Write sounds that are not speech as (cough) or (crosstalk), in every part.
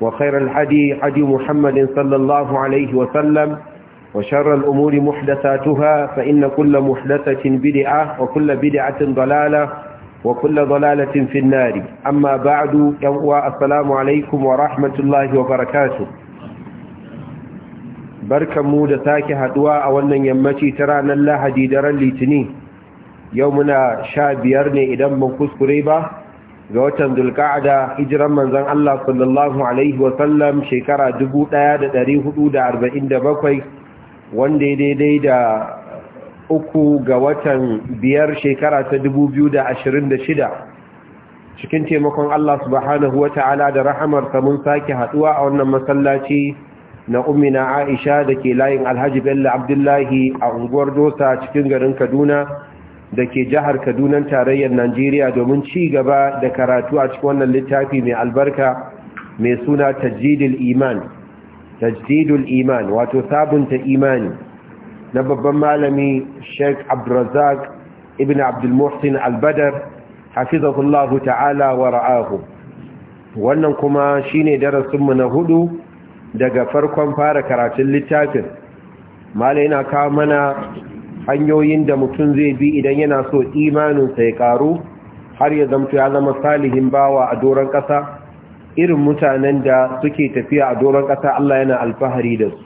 وخير الحدي حدي محمد صلى الله عليه وسلم وشر الأمور محدثاتها فإن كل محدثة بدعة وكل بدعة ضلالة وكل ضلالة في النار أما بعد يوء السلام عليكم ورحمة الله وبركاته بركة مودة تاكي هدواء وانا يمتي ترانا الله هديدرا لتني يومنا شابيرني إدم من كسكريبا ga watan dulka'ada hijiran manzan Allah sallallahu Alaihi wasallam shekara 1447 wanda ya daidai da uku ga watan biyar shekara ta 2026 cikin taimakon Allah subhanahu wa ta'ala da rahamarsa mun sake haduwa a wannan masallaci na umina Aisha da ke layin Alhaji Bello Abdullahi a unguwar Dosa cikin garin Kaduna da ke jihar Kaduna tarayyar Najeriya domin ci gaba da karatu a cikin wannan littafi mai albarka mai suna Tajdidul Iman Tajdidul Iman wato sabunta imani na babban malami Sheikh Abdulrazak Ibn Abdul Muhsin al hafizahullahu ta'ala wa ra'ahu wannan kuma shine darasinmu na hudu daga farkon fara karatun littafin malai na kawo mana hanyoyin da mutum zai bi idan yana so imaninsa ya karu har ya zamto ya zama salihin bawa a doron ƙasa irin mutanen da suke tafiya a doron ƙasa Allah yana alfahari da su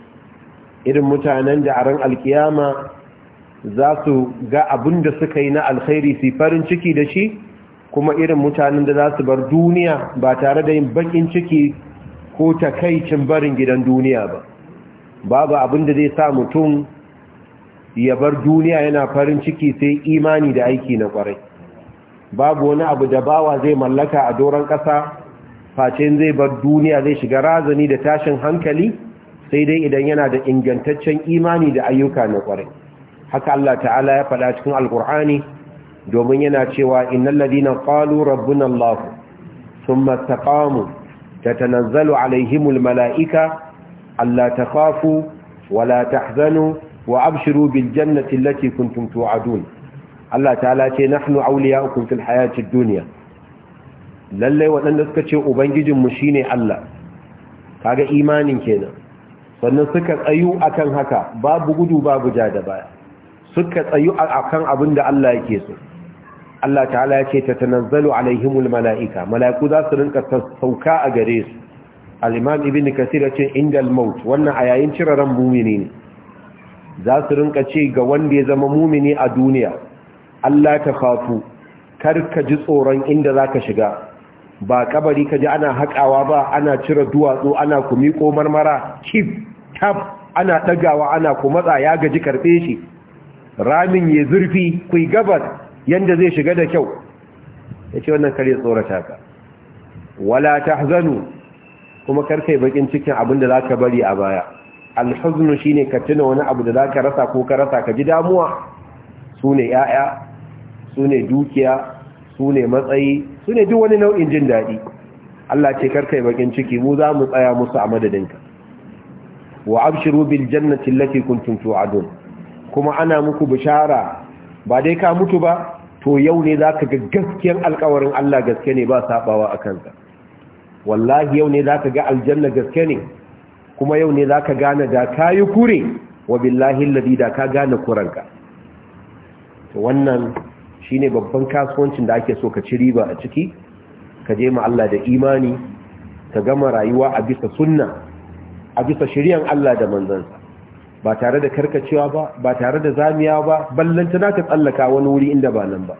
irin mutanen da a ran alkiyama za su ga abin da suka yi na alkhairi su farin ciki da shi kuma irin mutanen da za su bar duniya ba tare da yin bakin ciki ko takaicin barin gidan duniya ba babu abin da zai sa mutum ya bar duniya yana farin ciki sai imani da aiki na kwarai babu wani abu da bawa zai mallaka a doron ƙasa facin zai bar duniya zai shiga razani da tashin hankali sai dai idan yana da ingantaccen imani da ayyuka na kwarai haka Allah ta'ala ya faɗa cikin alkur'ani domin yana cewa innal ladina qalu rabbuna Allah thumma istaqamu tatanazzalu alaihimul mala'ika alla takhafu wala tahzanu wa abshiru bil jannati allati kuntum tu'adun Allah ta'ala ce nahnu awliya'ukum fil hayati dunya lalle waɗanda suka ce ubangijin mu shine Allah kaga imanin kenan sannan suka tsayu akan haka babu gudu babu jada baya suka tsayu akan abin da Allah yake so Allah ta'ala ya ce ta tanazzalu alaihimul mala'ika mala'iku za su rinka sauka a gare su al-imam ibn kasir ya ce indal maut wannan a yayin cire ran mumini ne za su rinka ce ga wanda ya zama mumini a duniya Allah ta kafu kar ka ji tsoron inda za ka shiga ba kabari ka ji ana haƙawa ba ana cire duwatsu ana kumiko marmara kif tab ana ɗagawa ana kumatsa ya gaji karɓe shi ramin ya zurfi yi gabar Yadda zai shiga da kyau ya ce wannan kare tsorata ka wala ta zanu. kuma karfe bakin cikin abin da za ka bari a baya alhuznu shine ka tuna wani abu da zaka rasa ko ka rasa ka ji damuwa sune yaya sune dukiya sune matsayi sune duk wani nau'in jin dadi Allah ce karka yi bakin ciki mu za mu tsaya musu a madadin ka. wa abshiru bil jannati allati kuntum tu'adun kuma ana muku bishara ba dai ka mutu ba to yau ne zaka ga gaskiyar alƙawarin Allah gaske ne ba sabawa akan ka wallahi yau ne zaka ga aljanna gaske ne kuma yau ne zaka gane da ka yi kure wa billahi ladi da ka gane kuranka to wannan shine babban kasuwancin da ake so ka ci riba a ciki ka je ma Allah da imani ka gama rayuwa a bisa sunna a bisa shari'an Allah da manzansa ba tare da karkacewa ba ba tare da zamiya ba ballanta na ta tsallaka wani wuri inda ba nan ba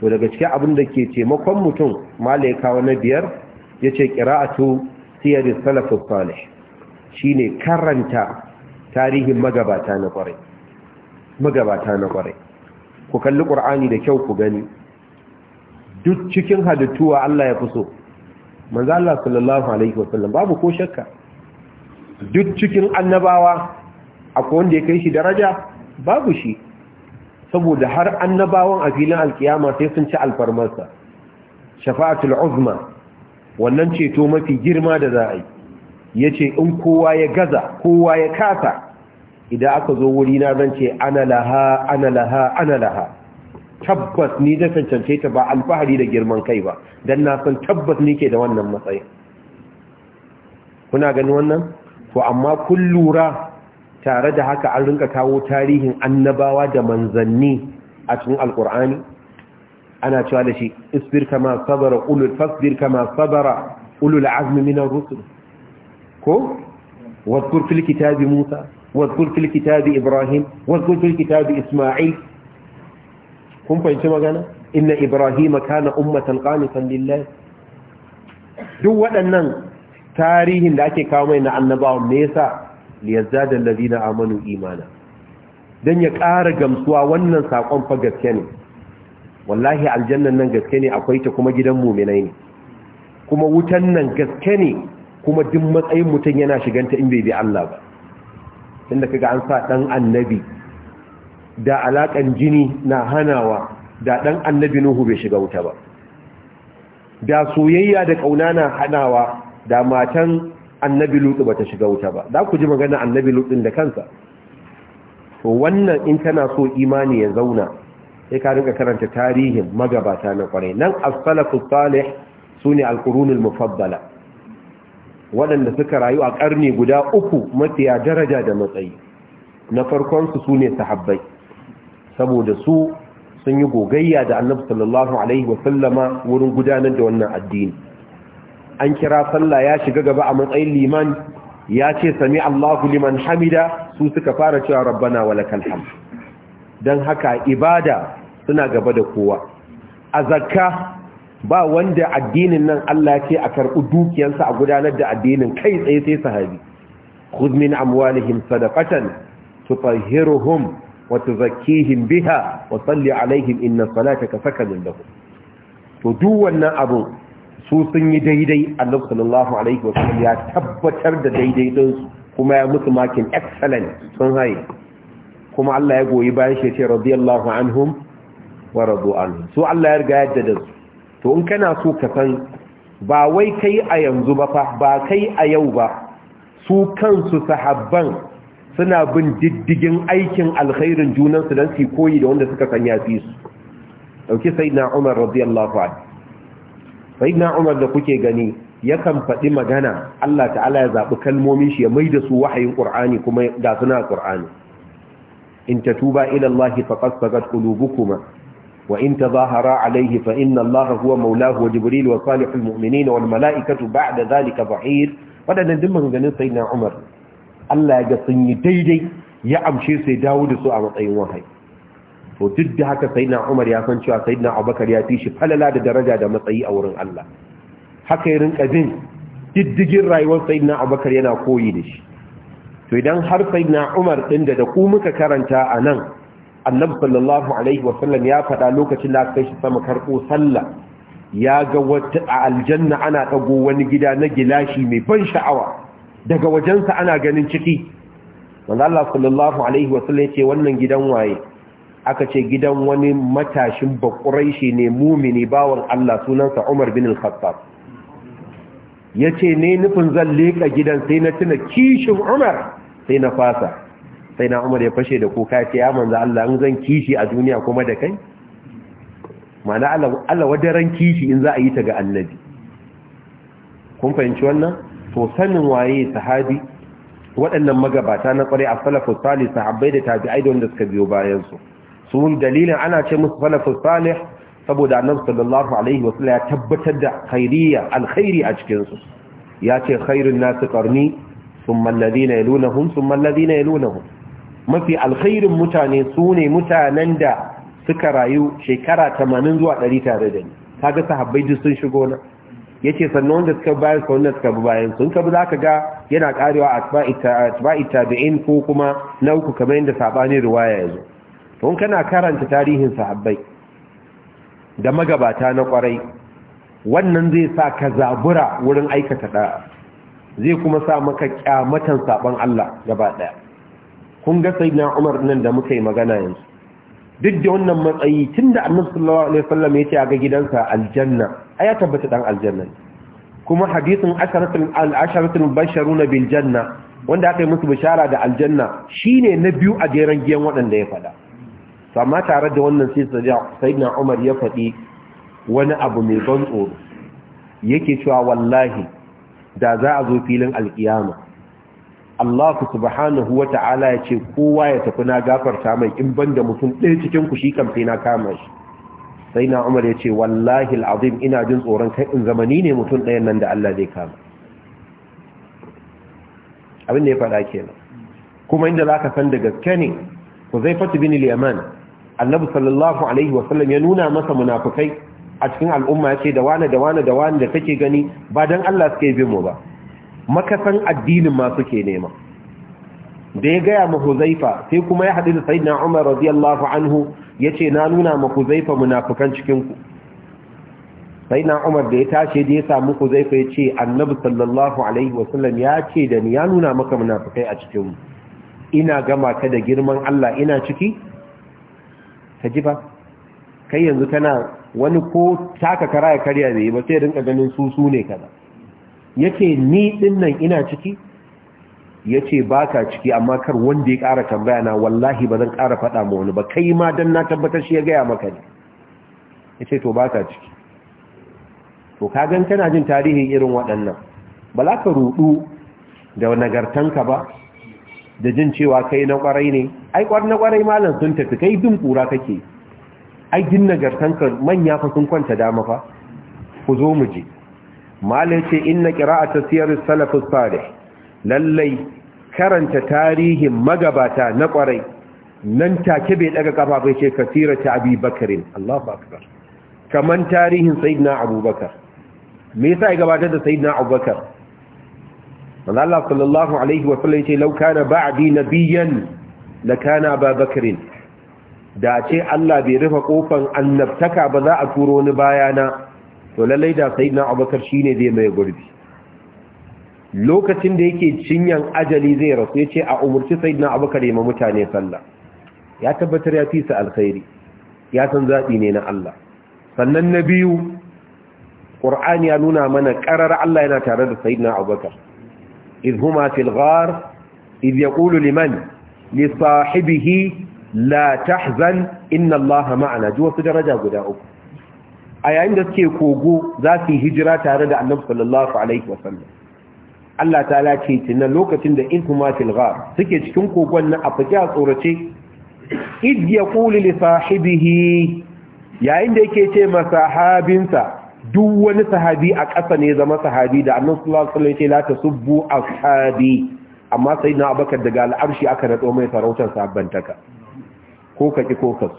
to daga cikin abin da ke taimakon mutum malaika na biyar yace qira'atu siyar salafus salih Shi ne karanta tarihin magabata na ƙware magabata na ƙware ku kalli qur'ani da kyau ku gani duk cikin halittuwa Allah ya so manzo Allah sallallahu alaihi wasallam babu ko shakka duk cikin annabawa akwai wanda ya kai shi daraja babu shi saboda har annabawan a filin alkiyama sai sun ci alfarmarsa shafa'atul uzma wannan ceto mafi girma da za a yi ya ce in kowa ya gaza kowa ya kasa idan aka zo wuri na zan ce ana laha ana laha ana laha tabbas ni da cancance ta ba alfahari da girman kai ba don na san tabbas ni ke da wannan matsayin kuna gani wannan Ko amma kun lura tare da haka an rinka kawo tarihin annabawa da manzanni a cikin alkur'ani ana cewa da shi isbir kama sabara ulul fasbir kama sabara ulul azmi minar rusul ko wadkur fil kitabi Musa wadkur fil kitabi Ibrahim wadkur fil kitabi Isma'il kun fahimci magana inna Ibrahim kana ummatan qanitan lillahi duk waɗannan tarihin da ake kawo mai na annabawan me yasa liyazzada alladhina amanu imana dan ya ƙara gamsuwa wannan sakon fa gaske ne wallahi aljannan nan gaske ne akwai ta kuma gidan muminai ne kuma wutan nan gaske ne kuma duk matsayin mutum yana shiganta in bai bi Allah ba inda kaga an sa dan annabi da alakan jini na hanawa da dan annabi Nuhu bai shiga wuta ba da soyayya da kauna na hanawa da matan annabi Lutu bata shiga wuta ba za ku ji magana annabi Lutu da kansa to wannan in kana so imani ya zauna sai ka rinka karanta tarihin magabata na kwarai nan as-salafus salih sune al-qurunul mufaddala waɗanda suka rayu a ƙarni guda uku mafiya daraja da matsayi na farkonsu su ne sahabbai saboda su sun yi gogayya da annabi sallallahu alaihi wasallama wurin gudanar da wannan addini an kira sallah ya shiga gaba a matsayin liman ya ce sami Allahu liman hamida su suka fara cewa rabbana walakal hamd dan haka ibada suna gaba da kowa a zakka ba wanda addinin nan Allah ya ce a karɓi dukiyarsa a gudanar da addinin kai tsaye sai sahabi khudh min amwalihim sadaqatan tutahhiruhum wa tuzakkihim biha wa salli alaihim inna salataka sakanun lahum to duk wannan abu su sun yi daidai Allah sallallahu alaihi wa sallam ya tabbatar da daidai din su kuma ya musu makin excellent sun haye kuma Allah ya goyi bayan shi ya ce radiyallahu anhum wa radu anhum su Allah ya riga yadda da su to in kana so ka san ba wai kai a yanzu ba fa ba kai a yau ba su kansu sahabban suna bin diddigin aikin alkhairin junansu don su koyi da wanda suka sanya fi su dauki sayyidina Umar radiyallahu anhu sayyidina Umar da kuke gani yakan faɗi magana Allah ta'ala ya zaɓi kalmomin shi ya mai da su wahayin qur'ani kuma ga suna ƙur'ani in tatuba ila Allah faqad sagat qulubukuma وإن تظاهرا عليه فإن الله هو مولاه وجبريل وصالح المؤمنين والملائكة بعد ذلك ظهير ودنا دمن ganin sayyidina Umar Allah ya sun yi daidai ya amshe sai dawo da su a matsayin wahayi to duk da haka sayyidina Umar ya san cewa sayyidina Abubakar ya fi shi falala da daraja da matsayi a wurin Allah haka ya rinka diddigin rayuwar sayyidina Abubakar yana koyi da shi to idan har sayyidina Umar ɗin da da ku muka karanta a nan annabi sallallahu alaihi wasallam ya faɗa lokacin da aka shi sama karɓo sallah ya ga wata a aljanna ana ɗago wani gida na gilashi mai ban sha'awa daga wajensa ana ganin ciki wanda Allah sallallahu alaihi wasallam ya ce wannan gidan waye aka ce gidan wani matashin bakuraishi ne mumini bawan Allah sunansa Umar bin Al-Khattab yace ne nufin zan leka gidan sai na tuna kishin Umar sai na fasa sai na umar ya fashe da kuka ce ya manza Allah in zan kishi a duniya kuma da kai mana Allah wadaran kishi in za a yi ta ga annabi kun fahimci wannan to sanin waye sahabi waɗannan magabata na kwarai a salafu salih sahabbai da tabi'ai da wanda suka biyo bayan su su dalilin ana ce musu salafu salih saboda annabi sallallahu alaihi wasallam ya tabbatar da khairiyya alkhairi a cikin su ya ce khairun nasu qarni thumma alladhina yalunhum thumma alladhina yalunhum mafi alkhairin mutane su ne mutanen da suka rayu shekara tamanin zuwa ɗari tare da ni kaga sahabbai duk sun shigo na yace sannan wanda suka bayar su wanda suka bayan sun kabi ka ga yana karewa atba'i tabi'in ko kuma na uku kamar yadda sabani riwaya yazo to kana karanta tarihin sahabbai da magabata na kwarai wannan zai sa ka zabura wurin aikata ɗaya, zai kuma sa maka kyamatan saban Allah gaba daya kun ga sayyidina Umar nan da muka yi magana yanzu duk da wannan matsayi tunda Annabi sallallahu alaihi wasallam ya ce a ga gidansa aljanna ai ya tabbata dan aljanna kuma hadisin asharatul al-asharatul basharuna bil janna wanda aka yi musu bishara da aljanna shine na biyu a jeran giyan waɗanda ya faɗa to amma tare da wannan sai sayyidina Umar ya faɗi wani abu mai ban tsoro yake cewa wallahi da za a zo filin alkiyama Allah subhanahu wa ta'ala ya ce kowa ya tafi na gafarta mai in banda mutum ɗaya cikin ku shi kan sai na kama shi sai na Umar ya ce wallahi al'azim ina jin tsoron kai in zamani ne mutum ɗayan nan da Allah zai kama abin da ya faɗa kenan kuma inda zaka san da gaske ne Huzaifatu bin al Annabi sallallahu alaihi ya nuna masa munafukai a cikin al'umma yace da wani da wani da wani da kake gani ba dan Allah suke bin mu ba makasan addinin ma suke nema da ya gaya ma huzaifa sai kuma ya haɗu da sayyidina umar radiyallahu anhu ya ce na nuna ma huzaifa munafukan cikinku sayyidina umar da ya tashi da ya samu huzaifa ya ce annabi sallallahu alaihi wasallam ya ce da ni ya nuna maka munafukai a cikinmu ina gama ka da girman allah ina ciki ka ji ba kai yanzu kana wani ko taka kara karya bai ba sai rinka ganin su su ne kaza yace ni din nan ina ciki yace baka ciki amma kar wanda ya kara tambaya na wallahi ba zan ƙara faɗa ma wani ba kai ma dan na tabbatar shi ya gaya maka ne yace to baka ciki to kagan kana jin tarihin irin waɗannan ba za ka rudu da nagartanka ba da jin cewa kai na kwarai ne ai kwar na kwarai malam sun tafi kai bin kura kake ai jin nagartanka manya fa sun kwanta dama fa ku zo mu je mala ce inna qira'atu siyar salafus salih lallai karanta tarihin magabata na kwarai nan take bai daga kafa bai ce kasira ta abi bakarin Allahu akbar Kamar tarihin sayyidina abubakar me yasa ya gabatar da sayyidina abubakar manzo Allah sallallahu alaihi wa sallam ce law kana ba'di nabiyyan lakana abubakarin da ce Allah bai rufe kofan annabtaka ba za a turo ni bayana to lallai da sayyidina shi ne zai mai gurbi lokacin da yake cinyan ajali zai rasu ya ce a umurci sayyidina abubakar ya ma mutane sallah ya tabbatar ya fi sa alkhairi ya san zaɓi ne na Allah sannan na biyu qur'ani ya nuna mana ƙarar Allah yana tare da sayyidina abubakar huma fil ghar idh yaqulu liman li sahibihi la tahzan inna Allah ma'ana ji wasu daraja guda uku a yayin da suke kogo za su yi hijira tare da annabi sallallahu alaihi wasallam Allah ta'ala ce tunan lokacin da in kuma tilghar suke cikin kogon na a fike a tsorace id yaqulu li sahibihi yayin da yake ce ma masahabinsa duk wani sahabi a ƙasa ne zama sahabi da annabi sallallahu alaihi wasallam ya ce la tasubbu ashabi amma sai na abakar daga al'arshi aka naɗo mai sarautar taka. ko ka ƙi ko ka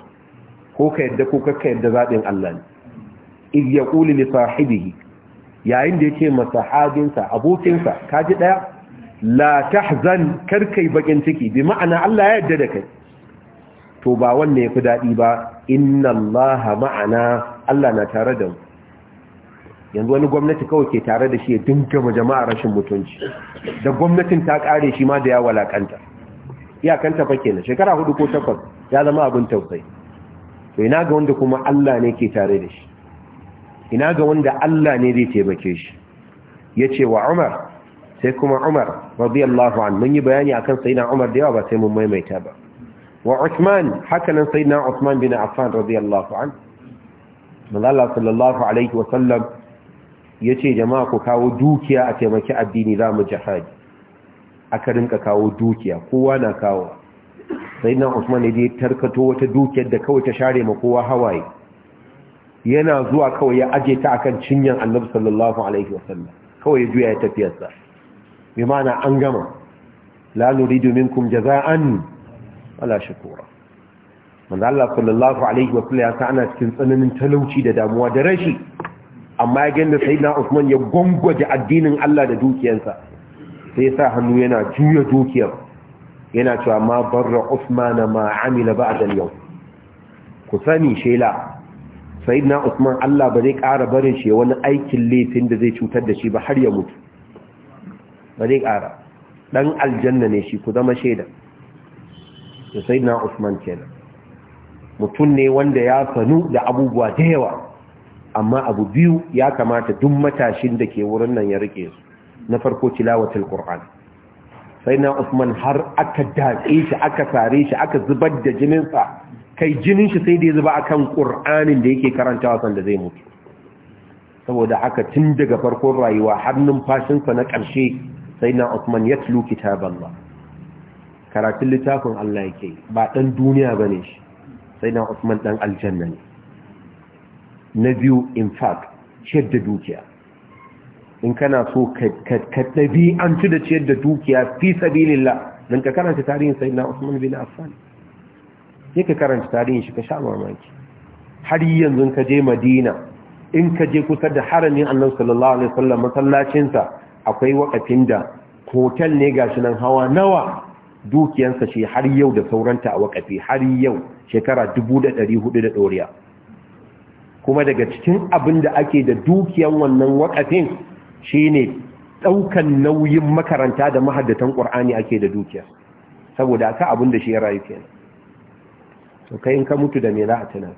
ko ka yadda ko ka yadda zabin Allah ne idh yaqulu li sahibihi yayin da yake masahabinsa abokinsa kaji daya la tahzan karkai bakin ciki bi ma'ana Allah ya yarda da kai to ba wanne yafi dadi ba inna Allah ma'ana Allah na tare da mu yanzu wani gwamnati kawai ke tare da shi ya dinga jama'a rashin mutunci da gwamnatin ta kare shi ma da ya walakanta iyakanta fa kenan shekara hudu ko takwas ya zama abin tausayi to ina ga wanda kuma Allah ne ke tare da shi ina ga wanda Allah ne zai taimake shi yace wa Umar sai kuma Umar radiyallahu anhu mun yi bayani akan sayyidina Umar da yawa ba sai mun maimaita ba wa Uthman haka nan sayyidina Uthman bin Affan radiyallahu anhu Allah sallallahu alaihi wa sallam yace jama'a ku kawo dukiya a taimaki addini za mu jihad aka rinka kawo dukiya kowa na kawo sayyidina Uthman ne ya tarkato wata dukiyar da kawai ta share ma kowa hawaye yana zuwa kawai ya aje ta akan cinyan annabi sallallahu alaihi wasallam kawai ya juya ya tafiyarsa bi ma'ana an gama la nuridu minkum jaza'an wala shukura manzo Allah sallallahu alaihi wasallam ya sa ana cikin tsananin talauci da damuwa da rashi amma ya ganda sayyidina Usman ya gongwaje addinin Allah da dukiyarsa sai ya sa hannu yana juya dukiyar yana cewa ma barra Usman ma amila ba'da al-yawm ku sani shela sayyidina Usman Allah ba zai ƙara barin shi wani aikin laifin da zai cutar da shi ba har ya mutu ba zai ƙara dan aljanna ne shi ku zama shaida to sayyidina Usman kenan mutum ne wanda ya sanu da abubuwa da yawa amma abu biyu ya kamata duk matashin da ke wurin nan ya rike su na farko tilawatul qur'an sayyidina Usman har aka dace shi aka sare shi aka zubar da jininsa kai jinin shi sai da ya zuba akan qur'anin da yake karantawa sanda zai mutu saboda haka tun daga farkon rayuwa har sa na ƙarshe sai na Usman ya tulu kitaballah karatun littafin Allah yake ba dan duniya bane shi sai na Usman dan aljanna ne na biyu in fact ciyar da dukiya in kana so ka an tuda ciyar da dukiya fi sabilillah dan ka karanta tarihin sai na Usman bin Affan yake karanta tarihin shi ka sha mamaki har yanzu ka je madina in ka je kusa da haramin annabi sallallahu alaihi wasallam masallacinsa akwai wakafin da hotel ne gashi nan hawa nawa dukiyansa shi har yau da sauranta a wakafi har yau shekara 1400 da doriya kuma daga cikin abin da ake da dukiyan wannan wakafin shi ne ɗaukan nauyin makaranta da mahaddatan qur'ani ake da dukiyar saboda aka abin da shi ya rayu kenan to kai in ka mutu da me za a tuna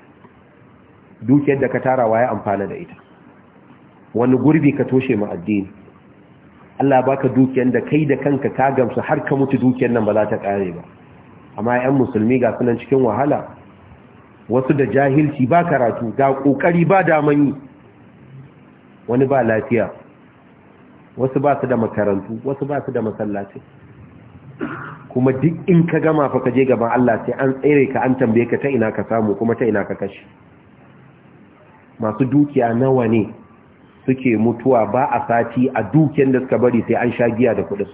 dukiyar da ka tara waye amfana da ita wani gurbi ka toshe mu addini Allah baka dukiyar da kai da kanka ka gamsu har ka mutu dukiyar nan ba za ta kare ba amma 'yan musulmi ga sunan cikin wahala wasu da jahilci ba karatu ga kokari ba yi wani ba lafiya wasu ba su da makarantu wasu ba su da masallaci kuma duk in ka gama fa ka je gaban Allah sai an tsere ka an tambaye ka ta ina ka samu kuma ta ina ka kashi masu dukiya nawa ne suke mutuwa ba a sati a dukiyar da suka bari sai an sha giya da kudin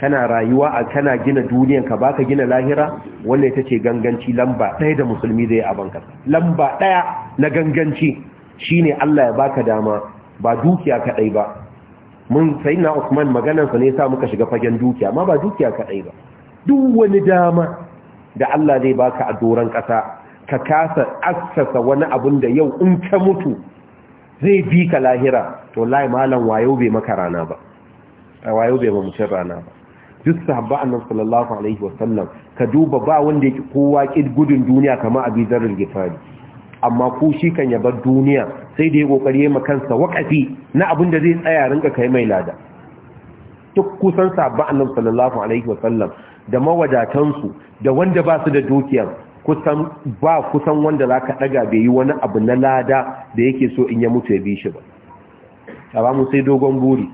kana rayuwa a kana gina duniyan ka baka gina lahira wanda ita ce ganganci lamba ɗaya da musulmi zai a banka lamba ɗaya na ganganci shine Allah ya baka dama ba dukiya kaɗai ba mun sai na Usman maganarsa ne sa muka shiga fagen dukiya amma ba dukiya kaɗai ba duk wani dama da Allah zai baka a doron ƙasa ka kasa assasa wani abun da yau in ka mutu zai bi ka lahira to lai malam wayo bai maka rana ba wayo bai ba mutum rana ba duk sahabba annabi sallallahu alaihi wasallam ka duba ba wanda yake kowa kid gudun duniya kamar Abi Dharr amma ko shi kan ya duniya sai da ya kokari ma kansa wakafi na abin da zai tsaya rinka kai mai lada duk kusan sabbin annab sallallahu alaihi wasallam da mawadatansu da wanda ba su da dukiyar kusan ba kusan wanda zaka daga bai yi wani abu na lada da yake so in ya mutu ya bi shi ba ba mu sai dogon buri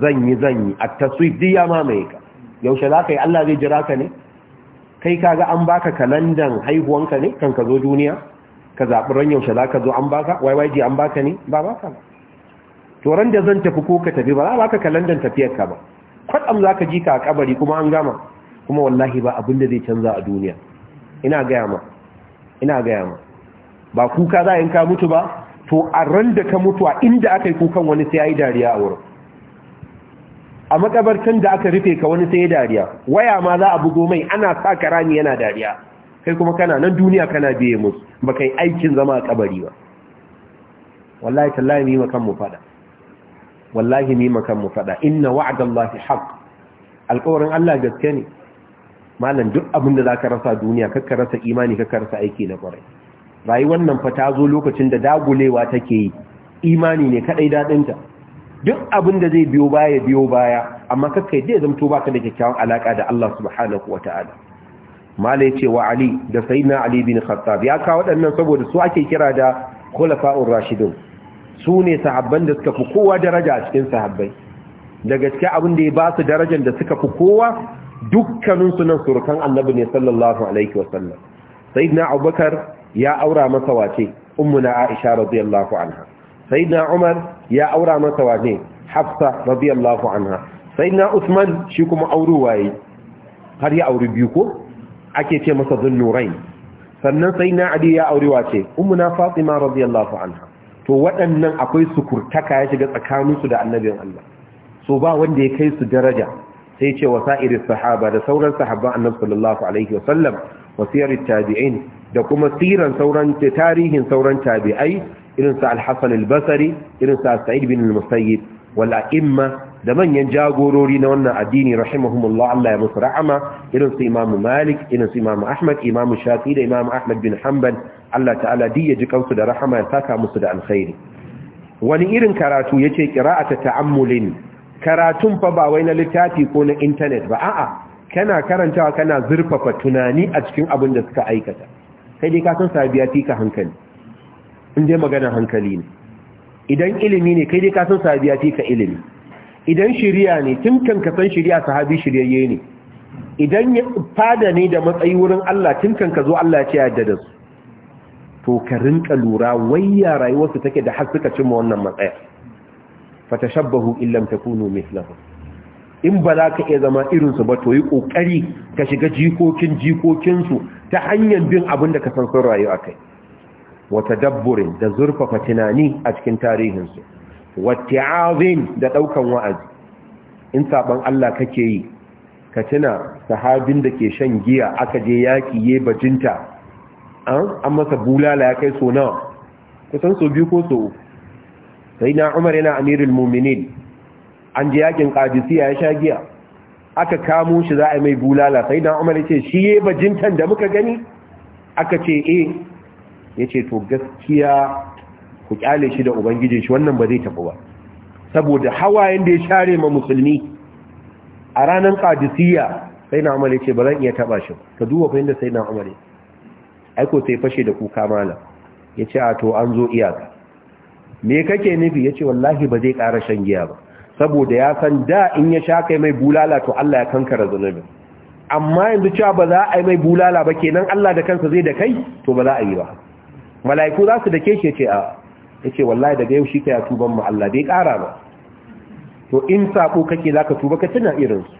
zan yi zan yi a taswif diya mamaye ka yaushe zaka yi Allah zai jira ka ne kai kaga an baka kalandan haihuwanka ne kan ka zo duniya ka zaɓi ran yaushe za ka zo an baka yyg an baka ne ba baka To turan da zan tafi ko ka tafi ba za baka kalandar tafiyarka ba kwatsam za ka ji ka a kabari kuma an gama kuma wallahi ba abin da zai canza a duniya ina gaya ma ina gaya ma ba kuka za yin ka mutu ba to a ran da ka mutu a inda aka yi kukan wani sai ya yi dariya a wurin a makabartan da aka rufe ka wani sai ya dariya waya ma za a bugo mai ana sa ka rami yana dariya kai kuma kana nan duniya kana biye musu ba kai aikin zama a kabari ba wallahi tallahi ni makan mu fada wallahi ni makan mu fada inna wa'dallahi haqq alƙawarin Allah gaske ne malam duk abinda zaka rasa duniya kakka rasa imani kakka rasa aiki na kwarai rayuwar nan fa ta zo lokacin da dagulewa take yi imani ne kadai ta duk abin da zai biyo baya biyo baya amma kakkai zai zamto baka da kyakkyawan alaka da Allah subhanahu wataala malai ce wa ali da sayyidina ali bin khattab ya kawo waɗannan saboda su ake kira da khulafa'ur rashidun su ne sahabban da suka fi kowa daraja a cikin sahabbai Daga cikin abin da ya ba su darajar da suka fi kowa dukkanin su nan surukan annabi ne sallallahu alaihi sallam. sayyidina abubakar ya aura masa wace ummuna aisha radiyallahu anha sayyidina umar ya aura masa wace hafsa radiyallahu anha sayyidina usman shi kuma auruwaye har ya auri biyu ko ake ce masa zunnurai sannan sai na ali ya aurewa ce ummuna fatima radiyallahu anha to waɗannan akwai sukurtaka ya shiga tsakaninsu da annabin Allah so ba wanda ya kai su daraja sai ce wa sairi sahaba da sauran sahabban annabi sallallahu alaihi wa wa tabi'in da kuma siran sauran tarihin sauran tabi'ai irin sa al-Hasan al-Basri irin sa Sa'id bin al-Musayyib wal a'imma da manyan jagorori na wannan addini rahimahumullah Allah ya musu rahama irin su Imam Malik irin su Imam Ahmad Imam Shafi da Imam Ahmad bin Hanbal Allah ta'ala duk ya ji kansu da rahama ya saka musu da alkhairi wani irin karatu yace qira'atu ta'ammulin karatun fa ba wai na littafi ko na internet ba a'a kana karantawa kana zurfafa tunani a cikin abin da suka aikata sai dai ka san sabiya fika hankali in dai magana hankali ne idan ilimi ne kai dai ka san sabiya fika ilimi idan shirya ne tun kan ka san shirya sahabi shiryayye ne idan ya fada ne da matsayi wurin Allah tun kan ka zo Allah ya ce yadda da su to ka rinka lura wayya rayuwarsu take da har suka cimma wannan matsaya shabbahu illam takunu mithlahu in ba za ka iya zama irinsu ba to yi kokari ka shiga jikokin jikokinsu ta hanyar bin abin da ka san sun rayu akai wata dabburin da zurfafa tunani a cikin tarihinsu watti'azin da daukan wa'azi in saban Allah kake yi ka tuna sahabin da ke shan giya aka je yaki ye bajinta an masa bulala ya kai so nawa kusan so biyu ko so sai na Umar yana amirul mu'minin an je yakin qadisiya ya sha giya aka kamo shi za a mai bulala sai na Umar yace shi ye bajintan da muka gani aka ce eh yace to gaskiya ku kyale shi da ubangiji shi wannan ba zai tafi ba saboda hawayen da ya share ma musulmi a ranar kadisiya sai na amale ce ba zan iya taba shi ka duba fa sai na amale aiko sai fashe da kuka mala ya ce a to an zo iyaka me kake nufi ya ce wallahi ba zai ƙara shan giya ba saboda ya san da in ya sha kai mai bulala to Allah ya kankara zunubin amma yanzu cewa ba za a yi mai bulala ba kenan Allah da kansa zai da kai to ba za a yi ba mala'iku za su dake shi ce a Ya ce wallahi daga yau shi ka ya tuban mu Allah bai kara ba to in sako kake zaka tuba ka tuna irin su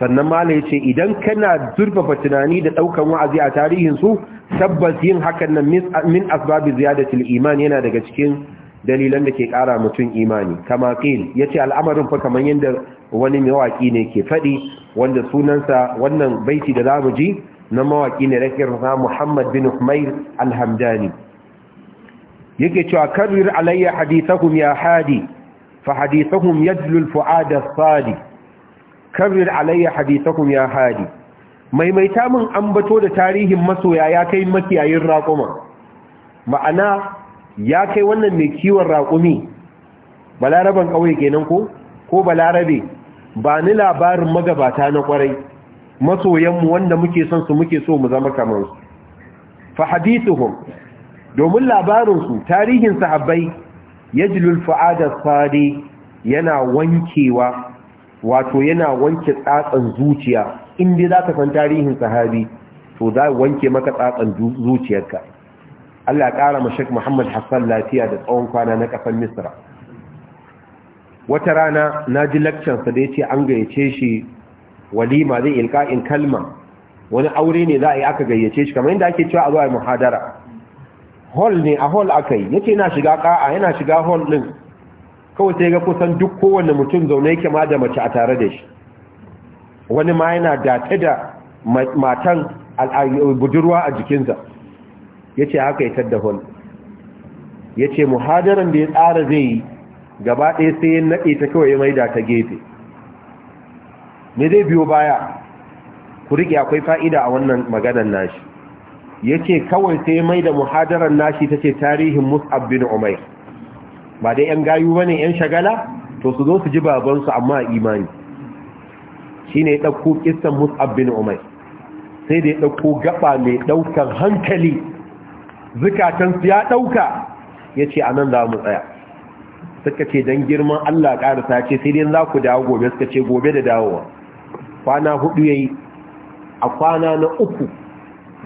sannan mala ce idan kana zurfafa tunani da ɗaukan wa'azi a tarihin su tabbas yin hakan nan min asbabi ziyadatul iman yana daga cikin dalilan da ke kara mutum imani kama qil yace al'amarin fa kaman yanda wani waki ne ke faɗi wanda sunansa wannan baiti da zamu ji na mawaki ne rakir Muhammad bin Umair al yake cewa karrir alayya hadithahum ya hadi fa hadithahum yajlu alfuad as-sadi karrir alayya hadithahum ya hadi maimaita min ambato da tarihin masoya ya kai makiyayin raƙuma ma'ana ya kai wannan mai kiwon raƙumi balaraban ƙauye kenan ko ko balarabe ba ni labarin magabata na kwarai masoyanmu wanda muke son su muke so mu zama kamar su fa hadithuhum domin labarinsu tarihin sahabbai yajlul fu'ada sadi yana wankewa wato yana wanke tsatsan zuciya inda za ka san tarihin sahabi to za wanke maka tsatsan zuciyarka Allah ƙara mashek Muhammad Hassan lafiya da tsawon kwana na ƙasar Misra wata rana na ji lakcansa da ya ce an gayyace shi walima zai ilka'in kalma wani aure ne za a yi aka gayyace shi kamar yadda ake cewa a zuwa muhadara hall ne a hall aka yi yace yana shiga ƙa'a yana shiga hall din kawai sai ga kusan duk kowanne mutum zaune yake ma da mace a tare da shi wani ma yana date da matan budurwa a jikinsa yace haka ya tadda hall yace muhadaran da ya tsara zai yi gaba ɗaya sai ya naɗe ta kawai ya maida ta gefe me zai biyo baya ku riƙe akwai fa'ida a wannan maganar nashi yace kawai sai mai da muhadarar nashi tace tarihin Mus'ab bin Umair ba dai yan gayu bane yan shagala to su zo su ji babansu amma imani shine ya dauko kissan Mus'ab bin Umair sai da ya dauko gaba mai daukar hankali zukatan su ya dauka yace anan za mu tsaya suka ce dan girman Allah karasa yace sai dai za ku dawo gobe suka ce gobe da dawowa kwana hudu yayi a kwana na uku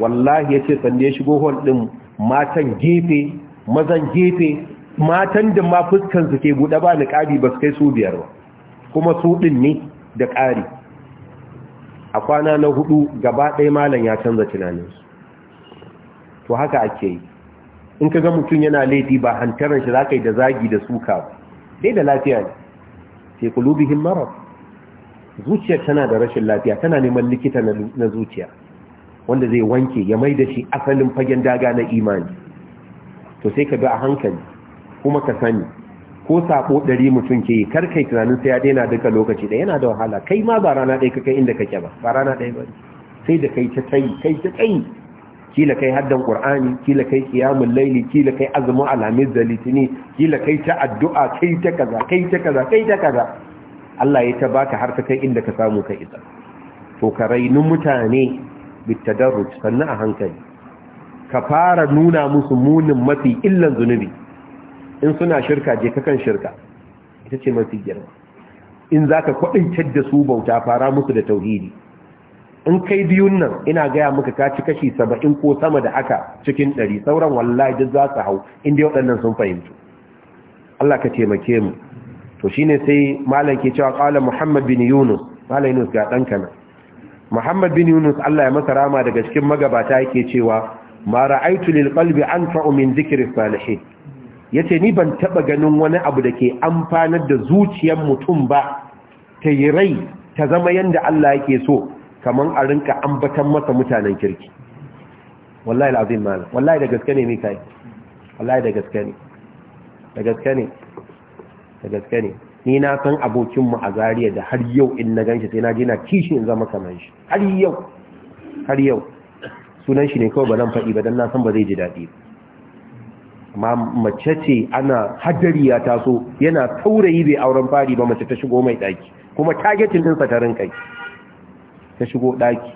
wallahi ya ce sanda ya shigo hol ɗin matan gefe mazan gefe matan da ma su ke buɗe ba niƙari ba su kai su biyar ba kuma su ɗin ne da ƙari a kwana na hudu gaba ɗaya malam ya canza tunaninsu to haka ake yi in ka ga mutum yana laifi ba hantaran shi za da zagi da suka ba dai da lafiya ne sai kulubihim marar zuciyar tana da rashin lafiya tana neman likita na zuciya wanda zai wanke ya mai da shi asalin fagen daga na imani to sai ka bi a hankali kuma ka sani ko sabo ɗari mutum ke karkai tunanin sai ya daina duka lokaci da yana da wahala kai ma ba rana ɗaya kai inda kake ba ba rana ɗaya ba sai da kai ta tsayi kai ta tsayi kila kai haddan qur'ani kila kai qiyamul laili kila kai azumin ala da litini kila kai ta addu'a kai ta kaza kai ta kaza kai ta kaza Allah ya ta baka har ta kai inda ka samu kai isa to ka mutane bitadarruj sannan a hankali ka fara nuna musu munin mafi illan zunubi in suna shirka je ka kan shirka ita ce mafi girma in zaka kwadin da su bauta fara musu da tauhidi in kai biyun nan ina gaya maka ka ci kashi saba'in ko sama da haka cikin ɗari sauran wallahi duk za su hau inda waɗannan sun fahimtu Allah ka taimake mu to ne sai malam ke cewa qala muhammad bin yunus malam yunus ga ɗanka kanan muhammad bin yunus allah ya masa rama daga cikin magabata yake cewa ma ra'aitu lil qalbi anfa'u min dhikri salihin yace ni ban taba ganin wani abu da ke amfanar da zuciyar mutum ba ta yi rai ta zama yanda Allah yake so kaman a rinka ambatan masa mutanen kirki wallahi alazim mal wallahi da gaske ne kai, wallahi da gaske ne da gaske ne da gaske ne ni na san abokinmu a zariya da har yau in na ganshi sai na je na kishi in zama kamar shi har yau har yau sunan shi ne kawai ba nan faɗi ba don na san ba zai ji daɗi amma mace ce ana hadari ya taso yana taurayi bai auren fari ba mace ta shigo mai ɗaki kuma targetin ɗinsa ta rinkai ta shigo ɗaki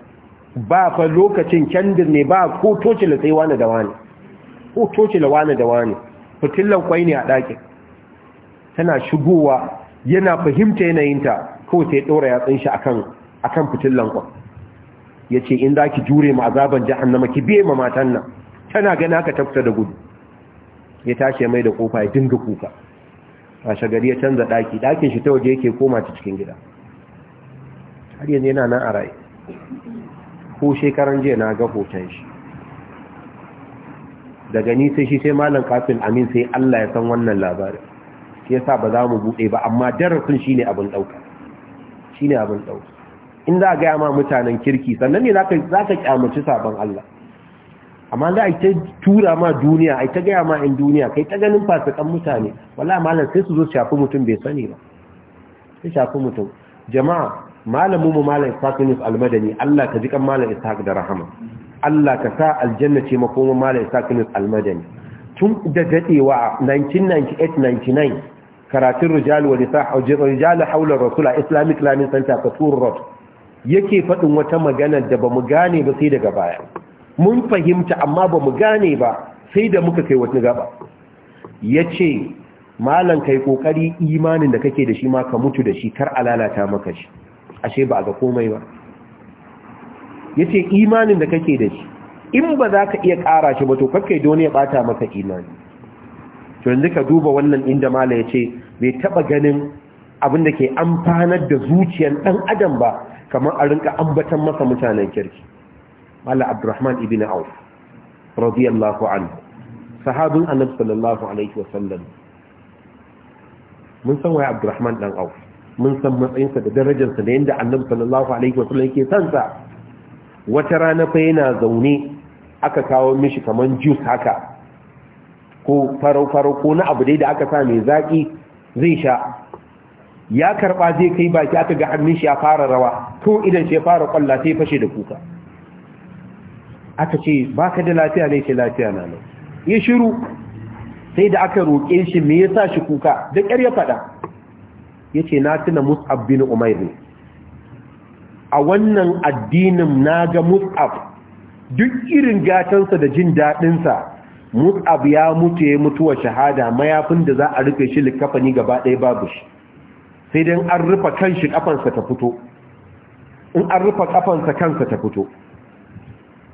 ba fa lokacin kyandir ne ba ko tocila sai wani da wani ko tocila wani da wani fitillan kwai ne a ɗakin tana shigowa yana fahimta yanayinta kawai sai ɗora yatsun shi akan kan fitillan kwan ya ce in za ki jure ma azaban jahannama ki biye ma matan nan tana gani aka tafta da gudu ya tashi mai da kofa ya dinga kuka a shagari ya canza ɗaki ɗakin shi ta waje yake koma ta cikin gida har yanzu yana nan a rai ko shekaran jiya na ga hoton shi daga ni sai shi sai malam kafin amin sai Allah ya san wannan labarin shi yasa ba za mu buɗe ba amma darasin shine abin ɗauka shine abin ɗauka in za a gaya ma mutanen kirki sannan ne za ka kyamaci sabon Allah amma za a ta tura ma duniya a ta gaya ma in duniya kai ta ganin fasikan mutane wala malam sai su zo shafi mutum bai sani ba sai shafi mutum jama'a malamu mu malam ishaq al almadani Allah ka ji kan malam ishaq da rahama Allah ka sa aljanna ce makoma malam ishaq al almadani tun da dadewa 1998 99 karatun rijal wa nisa rijal haula rasul a islamic learning center kasuwar road yake faɗin wata magana da bamu gane ba sai daga baya mun fahimta amma bamu gane ba sai da muka kai wata gaba ya ce malan kai kokari imanin da kake da shi ma ka mutu da shi kar a lalata maka shi ashe ba a ga komai ba ya ce imanin da kake da shi in ba za ka iya ƙara shi ba to kakkai don ya ɓata maka imani to yanzu ka duba wannan inda mala ya ce bai taba ganin abinda ke amfanar da zuciyar dan adam ba kamar a rinka ambatan masa mutanen kirki mala abdurrahman ibn auf radiyallahu anhu sahabin annabi sallallahu alaihi wasallam mun san waya abdurrahman dan auf mun san matsayinsa da darajarsa da yadda annabi sallallahu alaihi wasallam yake sansa wata rana fa yana zaune aka kawo mishi kamar juice haka ko farau-farau ko na abu dai da aka sa mai zaƙi zai sha ya karɓa zai kai baki aka ga hannun shi ya fara rawa to idan shi ya fara kwalla sai fashe da kuka aka ce ba ka da lafiya ne ce lafiya na nan ya shiru sai da aka roƙe shi me ya sa shi kuka da ƙyar ya faɗa ya ce na tuna mus'ab bin umair ne a wannan addinin na ga mus'ab duk irin gatansa da jin daɗinsa mu'ab ya mutu ya mutuwa shahada mayafin da za a rufe shi likafani gaba ɗaya babu shi sai dai an rufe kanshi kafansa ta fito in an rufe kafansa kansa ta fito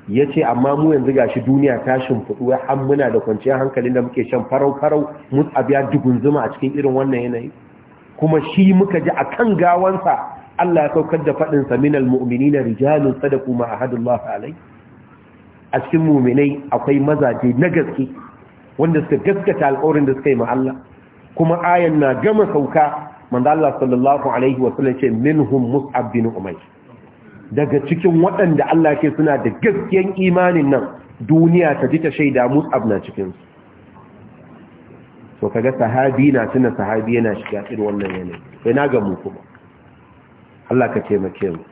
ya ce amma mu yanzu shi duniya ta shimfiɗu ya muna da kwanciyar hankalin da muke shan farau-farau mus'ab ya dugun zuma a cikin irin wannan yanayi kuma shi muka ji a kan gawansa Allah ya saukar da faɗinsa minal mu'minina rijalun sadaku ma'ahadullah ahadullah alai a cikin muminai akwai mazaje na gaske wanda suka gaskata alƙawarin da suka yi ma Allah kuma ayan na gama sauka manzo Allah sallallahu alaihi wa sallam ce minhum mus'ab bin umayr daga cikin waɗanda Allah ke suna da gaskiyan imanin nan duniya ta ji ta shaida mus'ab na cikin su so kaga sahabi na tuna sahabi yana shiga irin wannan yanayi sai na ga mu kuma Allah ka taimake mu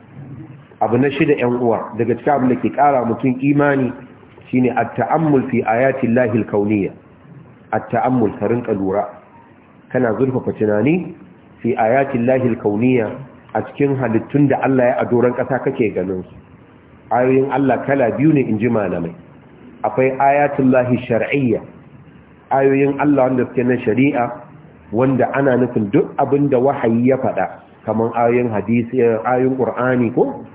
abu na shida yan uwa daga cikin abu da ke kara mutum imani shine at-ta'ammul fi ayatil lahil kauniyya at-ta'ammul karin lura kana zurfafa tunani fi ayatil lahil a cikin halittun da Allah ya adoran ƙasa kake ganin su ayoyin Allah kala biyu ne inji malamai akwai ayatul lahi shar'iyya ayoyin Allah wanda suke na shari'a wanda ana nufin duk abin da wahayi ya faɗa kamar ayoyin hadisi ayoyin ƙur'ani ko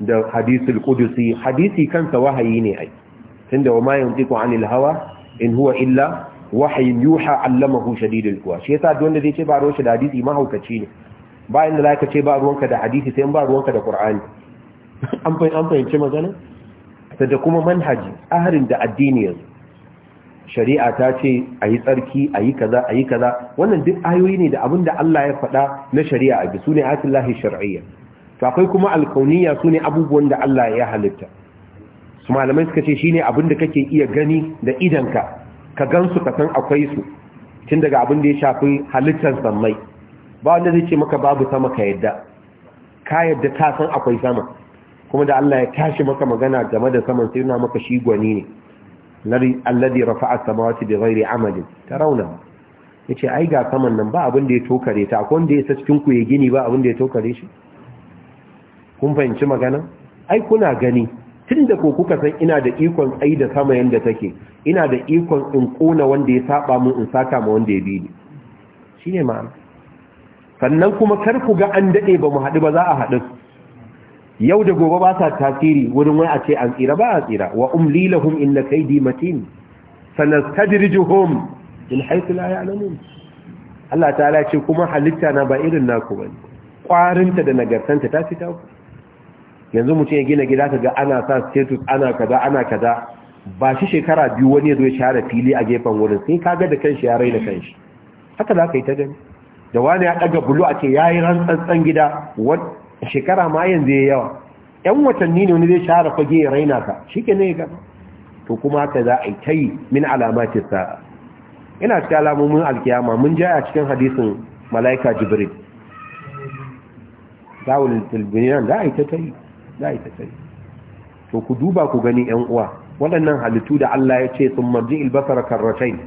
da hadisul qudusi hadisi kansa wahayi ne ai tunda wa ma yantiqu anil hawa in huwa illa wahayin yuha allamahu shadidul quwa shi yasa duk wanda zai ce ba ruwan shi da hadisi mahaukaci ne bayan da zaka ce ba ruwanka da hadisi sai ba ruwanka da qur'ani (laughs) an fahimci magana da kuma manhaji aharin da addini yanzu shari'a ta ce a yi tsarki a yi kaza a yi kaza wannan duk ayoyi ne da abinda da Allah ya faɗa na shari'a a bisu ne atillahi shar'iyya to akwai kuma alkauniya su ne abubuwan da Allah ya halitta su malamai suka ce shine abin da kake iya gani da idanka ka gansu ka san akwai su tun daga abin da ya shafi halittar sammai ba wanda zai ce maka babu sama ka yadda ka yadda ta san akwai sama kuma da Allah ya tashi maka magana game da saman sai yana maka shi gwani ne alladhi rafa'a as-samawati bighairi amalin tarawna yace ai ga saman nan ba abin da ya tokare ta akwai wanda ya sa cikin ku ya gini ba abin da ya tokare shi kun fahimci magana ai kuna gani tun da ko kuka san ina da ikon ai da sama yanda take ina da ikon in kona wanda ya saba mun in saka ma wanda ya bi ni shine ma'am. sannan kuma kar ku ga an dade ba mu haɗu ba za a haɗu yau da gobe ba sa tasiri wurin wai a ce an tsira ba a tsira wa umli lahum inna kaydi matin sanastadrijuhum min haythu la ya'lamun Allah ta'ala ce kuma halitta na ba irin naku bane kwarinta da nagartanta ta fita yanzu mutum ya gina gida kaga ana sa status ana kada, ana kada. ba shi shekara biyu wani ya zo ya share fili a gefen wurin sai kaga da kanshi ya raina kanshi haka za ka yi ta gani da wani ya daga bulu a ce yi rantsantsan gida shekara ma yanzu ya yawa yan watanni ne wani zai share fage ya raina ka ne ya gaba to kuma haka za a yi ta yi min alamatin sa'a ina cikin alamomin alkiyama mun ja a cikin hadisin malaika jibril dawul tilbiniyan da a yi ta ta yi za yi to ku duba ku gani yan uwa waɗannan halittu da Allah ya ce sun marji ilbasar karratain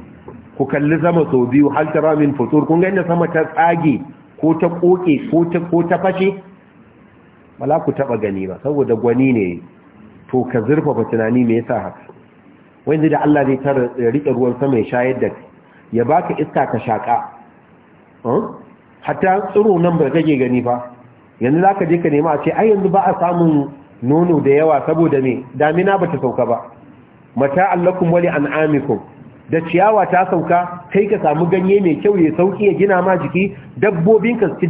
ku kalli zama sau biyu har min fusur kun gani da sama ta tsage ko ta koke ko ta ko fashe wala ku taɓa gani ba saboda gwani ne to ka zurfafa tunani me yasa haka wanda da Allah zai tara ruwan sama ya shayar da ya baka iska ka shaka hatta tsiro nan ba kake gani ba yanzu za ka je ka nema a ce ai yanzu ba a samun nono da yawa saboda me damina ba ta sauka ba mata allakum wali an'amikum da ciyawa ta sauka kai ka samu ganye mai kyau ya sauki ya gina ma jiki dabbobin ka su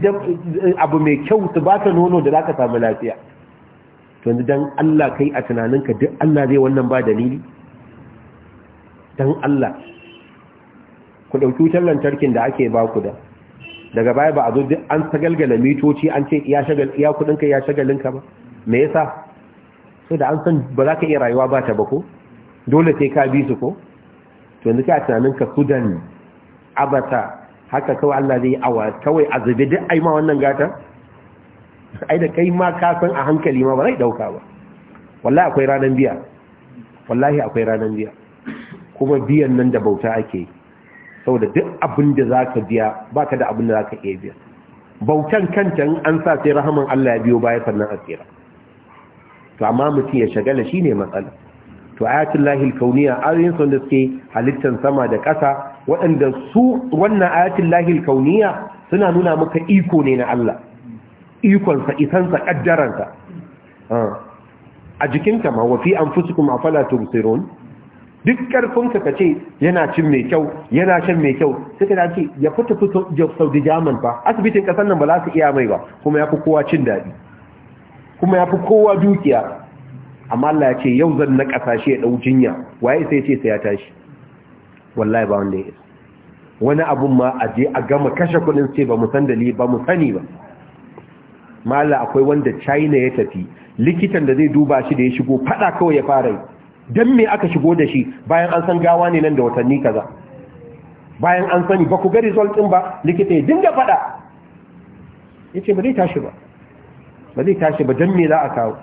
abu mai kyau su ba ta nono da za ka samu lafiya to yanzu dan Allah kai a tunaninka duk Allah zai wannan ba dalili dan Allah ku ɗauki wutar lantarkin da ake ba ku da daga baya ba a zo duk an galgala mitoci an ce ya shagal iya kudinka shagalin shagalinka ba me yasa sai da an san ba za ka iya rayuwa ba ta ba ko dole sai ka bisu ko to yanzu ka tunanin ka sudan abata haka kawai Allah zai awa kawai azubi duk ai ma wannan gata ai da kai ma ka san a hankali ma ba zai dauka ba wallahi akwai ranan biya wallahi akwai ranan biya kuma biyan nan da bauta ake yi saboda duk abin da za ka biya ba ka da abin da za ka iya biya bautan kanta in an sa sai rahaman Allah ya biyo baya sannan a to amma mutum ya shagala shi ne matsala to ayatul lahil kauniya ayoyin sun da suke halittar sama da ƙasa waɗanda su wannan ayatul lahil kauniya suna nuna maka iko ne na Allah ikonsa isansa ƙaddaransa ah. a jikinka ma wa fi anfusikum afala tubsirun duk karfinka ka ce yana cin mai kyau yana shan mai kyau sai ka dace ya fita fito saudi jaman fa asibitin kasan nan ba za su iya mai ba kuma ya fi kowa cin daɗi kuma ya fi kowa dukiya amma Allah ya ce yau zan na ƙasashe ya ɗau jinya waye sai ce sai ya tashi wallahi ba wanda ya wani abun ma a je a gama kashe kuɗin sai ba mu san dalili ba mu sani ba mala akwai wanda china ya tafi likitan da zai duba shi da ya shigo fada kawai ya fara yi don me aka shigo da shi bayan an san gawa ne nan da watanni kaza bayan an sani ba ku ga result din ba likita ya dinga fada ce ba zai tashi ba ba zai tashi ba don me za a kawo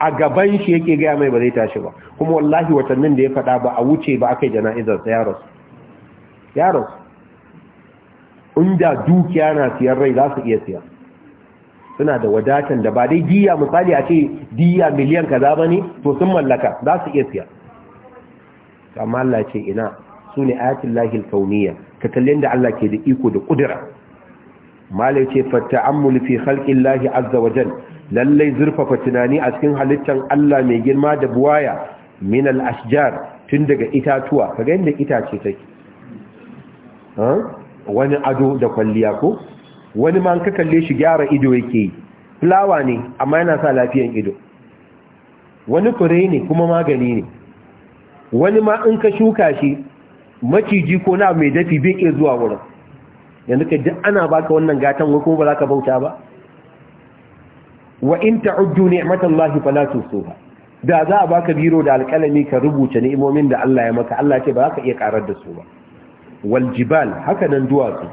a gaban shi yake gaya mai ba zai tashi ba kuma wallahi watannin da ya fada ba a wuce ba aka yi jana'izar sa yaros yaros inda dukiya na siyar rai za su iya siyar suna da wadatan da ba dai diya misali a ce diya miliyan kaza ba ne to sun mallaka za su iya siya amma Allah ce ina sune ne lahi lahil kauniya ka kallon da Allah ke da iko da kudura malai ce fatta'ammul fi halkin lahi azza wa lallai zurfafa tunani a cikin halittar Allah mai girma da buwaya min al-ashjar tun daga itatuwa kaga inda itace take wani ado da kwalliya ko wani ma ka kalle shi gyara ido yake yi fulawa ne amma yana sa lafiyan ido wani fure ne kuma magani ne wani ma in ka shuka shi maciji ko na mai dafi bai zuwa wurin yanzu ka duk ana baka wannan gatan wai kuma ba za ka bauta ba wa in ta'uddu ni'matallahi fala tusuha da za a baka biro da alƙalami ka rubuta ni'imomin da Allah ya maka Allah ce ba za ka iya karar da su ba wal jibal haka nan duwatsu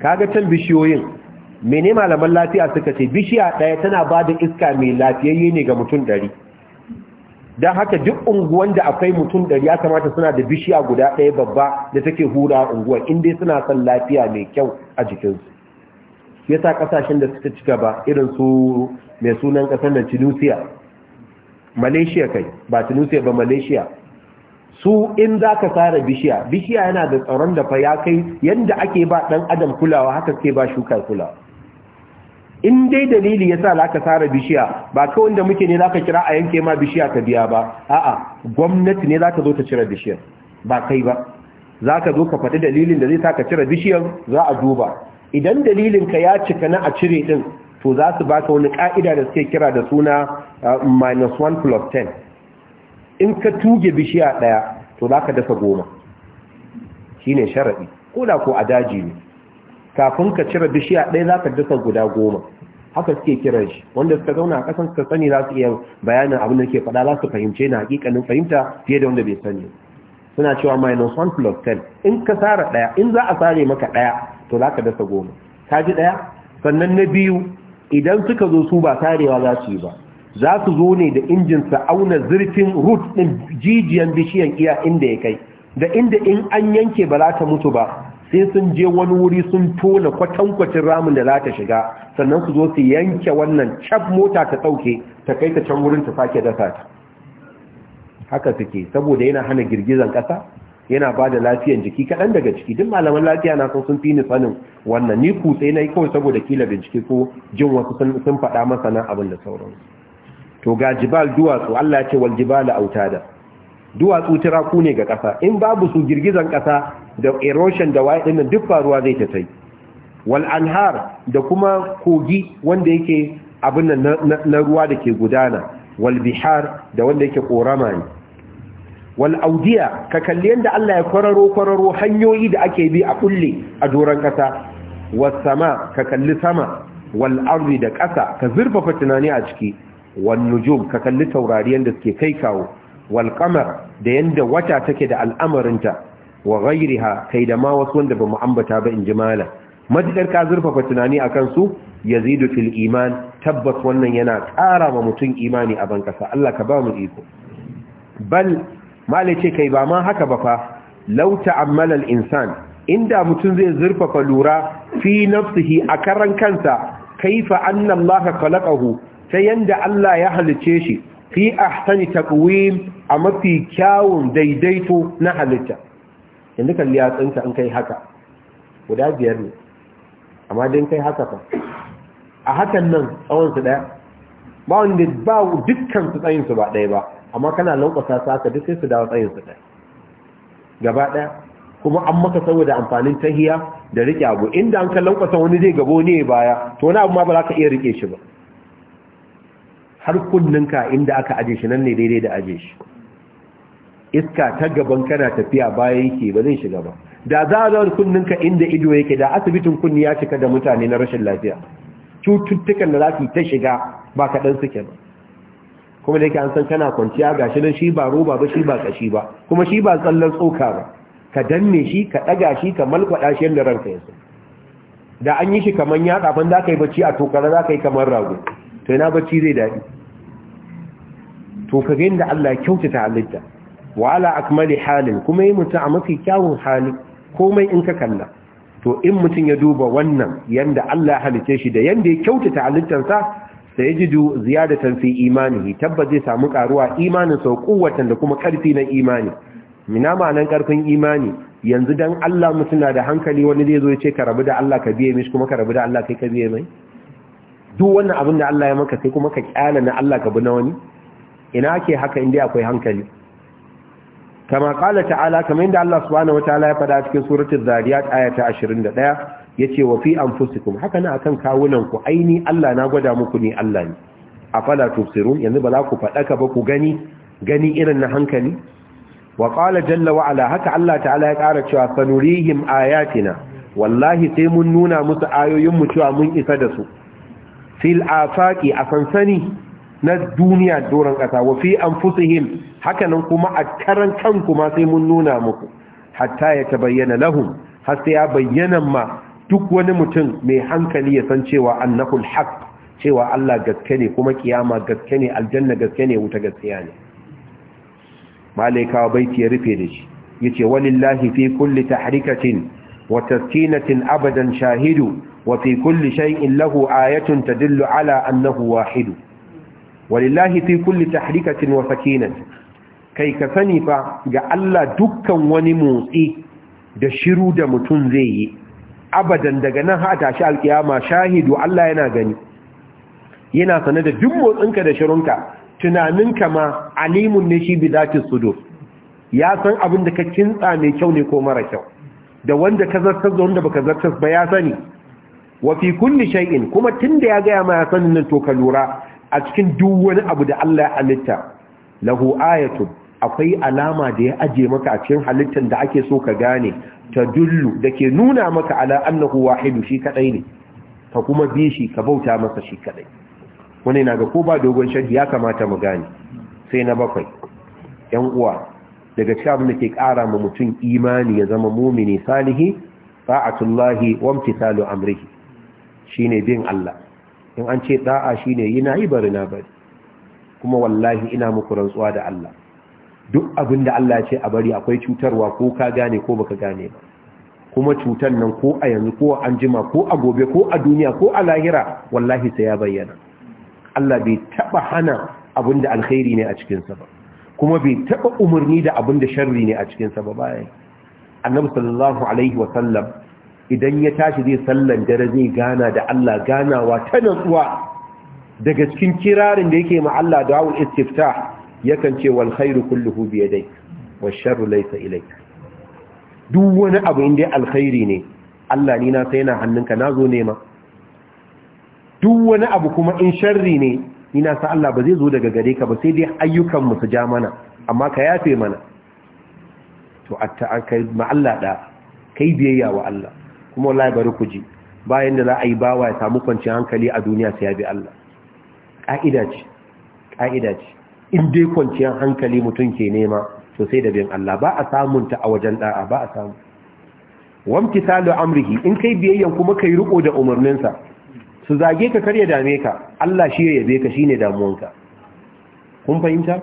kaga can bishiyoyin mene malaman lafiya suka ce bishiya ɗaya tana ba da iska mai lafiyayye ne ga mutum ɗari don haka duk unguwan da akwai mutum ɗari ya kamata suna da bishiya guda ɗaya babba da take hura unguwa inda suna son lafiya mai kyau a jikinsu ya sa ƙasashen da suka cika ba irin su mai sunan ƙasar da tunisia malaysia kai ba tunisia ba malaysia su in za ka tsara bishiya bishiya yana da tsaron da fa ya kai yadda ake ba ɗan adam kulawa haka ke ba shuka kulawa in dai dalili ya sa za ka tsara bishiya ba kawai wanda muke ne za ka kira a yanke ma bishiya ka biya ba a'a gwamnati ne za ka zo ta cire bishiyar ba kai ba za ka zo ka faɗi dalilin da zai sa ka cire bishiyar za a duba idan dalilin ka ya cika na a cire ɗin to za su ba ka wani ƙa'ida da suke kira da suna uh, minus one plus ten in ka tuge bishiya ɗaya to za ka dasa goma shi ne sharaɗi ko da ko a daji ne kafin ka cire bishiya ɗaya za ka dasa guda goma haka suke kiran shi wanda suka zauna a ƙasan suka sani za su iya bayanin abin da ke faɗa za su fahimce na hakikanin fahimta fiye da wanda bai sani suna cewa minus one plus ten in ka sare ɗaya in za a sare maka ɗaya to za ka dasa goma ka ji ɗaya sannan na biyu idan suka zo su ba sarewa za su yi ba za su zo ne da injin sa auna zurfin root ɗin jijiyan bishiyan iya inda ya kai da inda in an yanke ba za ta mutu ba sai sun je wani wuri sun tona kwatankwacin ramin da za ta shiga sannan su zo su yanke wannan cap mota ta ɗauke ta kai ta can wurin ta sake dasa ta haka suke saboda yana hana girgizan ƙasa yana ba da lafiyan jiki kaɗan daga ciki duk malaman lafiya na sun sun fi ni sanin wannan ni kutse na yi kawai saboda kila bincike ko jin wasu sun faɗa masana abin da sauransu to ga jibal duwatsu Allah ya ce wal jibala autada duwatsu tiraku ne ga ƙasa in babu su girgizan ƙasa da erosion da waye dinnan duk faruwa zai ta tai wal anhar da kuma kogi wanda yake abin nan na ruwa da ke gudana wal bihar da wanda yake korama ne wal audiya ka kalli yanda Allah ya kwararo kwararo hanyoyi da ake bi a kulle a doran ƙasa was sama ka kalli sama wal ardi da ƙasa ka zurfafa tunani a ciki wan nujum ka kalli taurari yanda suke kai kawo walkamar da yanda wata take da al'amarinta wa ghayriha kai da ma wasu wanda ba mu ambata ba in jimala madadar ka zurfafa tunani akan su yazidu fil iman tabbas wannan yana ƙara wa mutum imani a bankasa Allah ka bamu iko bal mala ce kai ba ma haka ba fa law ta'ammala al insan inda mutum zai zurfafa lura fi nafsihi a karan kansa kaifa anna Allah khalaqahu ta yanda Allah ya halice shi fi ahsani taqwim a mafi kyawun daidaito na halitta yanzu kalli ya tsinka in kai haka guda biyar ne amma dan kai haka fa a hakan nan tsawon su daya ba wanda ba dukkan su tsayin su ba daya ba amma kana lankwasa su haka duk sai su dawo tsayin su daya gaba daya kuma an maka saboda amfanin tahiya da rike abu inda an ka lankwasa wani zai gabo ne baya to wani abu ma ba za ka iya rike shi ba har kunninka inda aka aje shi nan ne daidai da aje shi iska ta gaban kana tafiya baya yake ba zai shiga ba da za a zaune kunninka inda ido yake da asibitin kunni ya cika da mutane na rashin lafiya cututtukan da za su ta shiga ba kaɗan suke ba kuma da yake an san kana kwanciya ga shi nan shi ba roba ba shi ba kashi ba kuma shi ba tsallan tsoka ba ka danne shi ka ɗaga shi ka malkwaɗa shi yadda ranka yasa da an yi shi kamar yaɗa ban za ka yi bacci a tokara za ka yi kamar rago to na bacci zai daɗi to ka ga yadda Allah kyautata halitta wa ala akmali halin kuma yi mutum a mafi kyawun hali komai in ka kalla to in mutum ya duba wannan yanda Allah ya halice shi da yanda ya kyautata halittarsa sai ji du ziyadatan fi imani tabbas zai samu karuwa imanin sa kuwatan da kuma karfi na imani mina ma'anan karfin imani yanzu dan Allah mutuna da hankali wani zai zo ya ce ka rabu da Allah ka biye mishi kuma ka rabu da Allah kai ka biye mai duk wannan abin da Allah ya maka sai kuma ka kyala na Allah ka bi na wani ina ke haka inda akwai hankali kama kala ta'ala kamar inda Allah subhanahu wataala ya faɗa cikin suratul zariyat aya ta 21 yace wa fi anfusikum haka na akan kawunan ku aini Allah na gwada muku ni Allah ne afala tusirun, yanzu ba za ku faɗaka ba ku gani gani irin na hankali wa qala jalla wa ala haka Allah ta'ala ya ƙara cewa sanurihim ayatina wallahi sai mun nuna musu ayoyin mu cewa mun isa da su fil afaqi a sansani na duniya doron kasa wa fi Haka hakanan kuma a karan kan kuma sai mun nuna muku hatta ya tabayyana lahum har sai ya bayyana ma duk wani mutum mai hankali ya san cewa annahu alhaq cewa Allah gaske ne kuma kiyama gaske ne aljanna gaske ne wuta gaskiya ne malaikawa baiti ya rufe da shi yace walillahi fi kulli tahrikatin وتسكينة أبدا شاهد وفي كل شيء له آية تدل على أنه واحد ولله في كل تحركة وسكينة كي كسني فجعل دكا ونموئي دشرو دمتن زي أبدا دقناها أتعشى الكيامة شاهد الله يناغني yana sane da duk motsinka da shirinka tunaninka ma alimun ne shi bi zati sudur ya san abin da ka kintsa mai kyau ne ko mara kyau da wanda ka zartas da wanda baka zartas ba ya sani wa fi kulli shay'in kuma tunda ya gaya ma ya sanin nan to ka lura a cikin duk wani abu da Allah ya halitta lahu ayatun akwai alama da ya aje maka a cikin halittar da ake so ka gane ta dullu da ke nuna maka ala annahu wahidu shi kadai ne ka kuma bi shi ka bauta masa shi kadai wani na ga ko ba dogon shaddi ya kamata mu gane sai na bakwai yan uwa daga cikin abin da ke ƙara ma mutum imani ya zama mumini salihi ta'atullahi wa imtithalu amrihi shine bin Allah in an ce da'a shine yana yi bari na bari kuma wallahi ina muku rantsuwa da Allah duk abin da Allah ce a bari akwai cutarwa ko ka gane ko baka gane ba kuma cutar nan ko a yanzu ko an jima ko a gobe ko a duniya ko a lahira wallahi sai ya bayyana Allah bai taba hana abin da alkhairi ne a cikinsa ba kuma bai taɓa umarni da abin da sharri ne a cikinsa ba bayan annabi sallallahu alaihi sallam idan ya tashi zai sallan dare zai gana da Allah ganawa ta natsuwa daga cikin kirarin da yake ma Allah da'ul istiftah yakan ce wal khairu kulluhu bi yadayk wash sharru laysa ilayk duk wani abu inda alkhairi ne Allah ni na sai na hannunka nazo nema duk wani abu kuma in sharri ne ni na sa Allah ba zai zo daga gare ka ba sai dai ayyukan mu su ja mana amma ka yafe mana to atta an kai ma Allah da kai biyayya wa Allah kuma wallahi bari ku ji bayan da za a yi bawa ya samu kwanciyar hankali a duniya sai ya bi Allah ka'ida ce ka'ida ce in dai kwanciyar hankali mutum ke nema to sai da bin Allah ba a samunta a wajen da'a ba a samu wamtisalu amrihi in kai biyayya kuma kai riko da umarninsa su zage ka kar ya dame ka Allah shi ya yabe ka shine damuwanka kun fahimta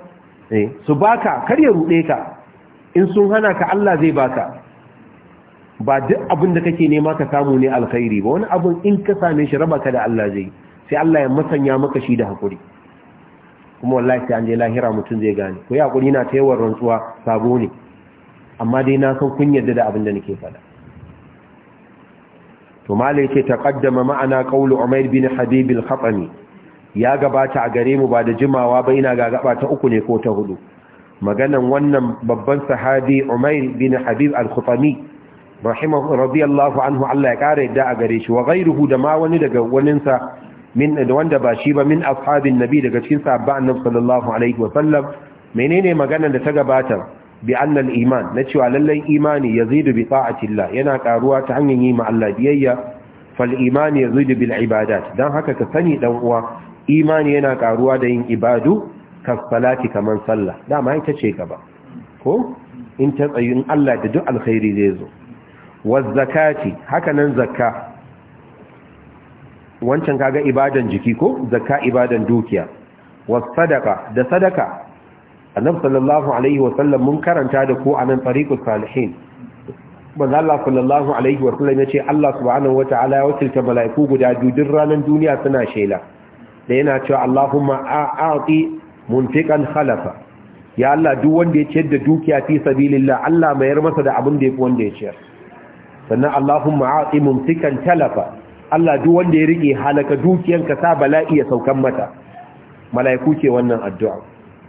eh su baka kar ya rude ka in sun hana ka Allah zai baka ba duk abin da kake nema ka samu ne alkhairi ba wani abin in ka same shi raba ka da Allah zai sai Allah ya masanya maka shi da hakuri kuma wallahi sai an je lahira mutum zai gane ko ya hakuri na ta yawan rantsuwa sabo ne amma dai na san kun yarda da abin da nake faɗa to malai ce taqaddama ma'ana qaulu umayr bin habib al-khatami ya gabata a gare mu ba da jimawa ba ina ga gaba ta uku ne ko ta hudu maganan wannan babban sahabi umayr bin habib al-khatami rahimahu radiyallahu anhu Allah ya kare yadda a gare shi wa ghayruhu da ma wani daga waninsa min da wanda ba shi ba min ashabin nabi daga cikin sahabban Nabi sallallahu alaihi wa sallam menene maganar da ta gabata bi annal iman na cewa lallai imani yazidu bi ta'atillah yana karuwa ta hanyar yi ma Allah biyayya fal imani yazidu bil ibadat dan haka ka sani dan uwa imani yana karuwa da yin ibadu ka salati kaman sallah dama ita ce gaba ko in ta tsayin Allah da duk alkhairi zai zo waz zakati haka nan zakka wancan kaga ibadan jiki ko zakka ibadan dukiya was sadaka da sadaka annabi sallallahu alaihi wasallam mun karanta da ku nan tariqus salihin manzo Allah sallallahu alaihi wasallam yace Allah subhanahu wataala ya wakilta mala'iku guda biyu ranan duniya suna shela da yana cewa Allahumma a'ti munfiqan khalafa ya Allah duk wanda ya ciyar da dukiya fi sabilillah Allah mayar masa da abin da yafi wanda ya ciyar sannan Allahumma a'ti mumsikan talafa Allah duk wanda ya rike halaka dukiyanka sa bala'i ya saukan mata mala'iku ke wannan addu'a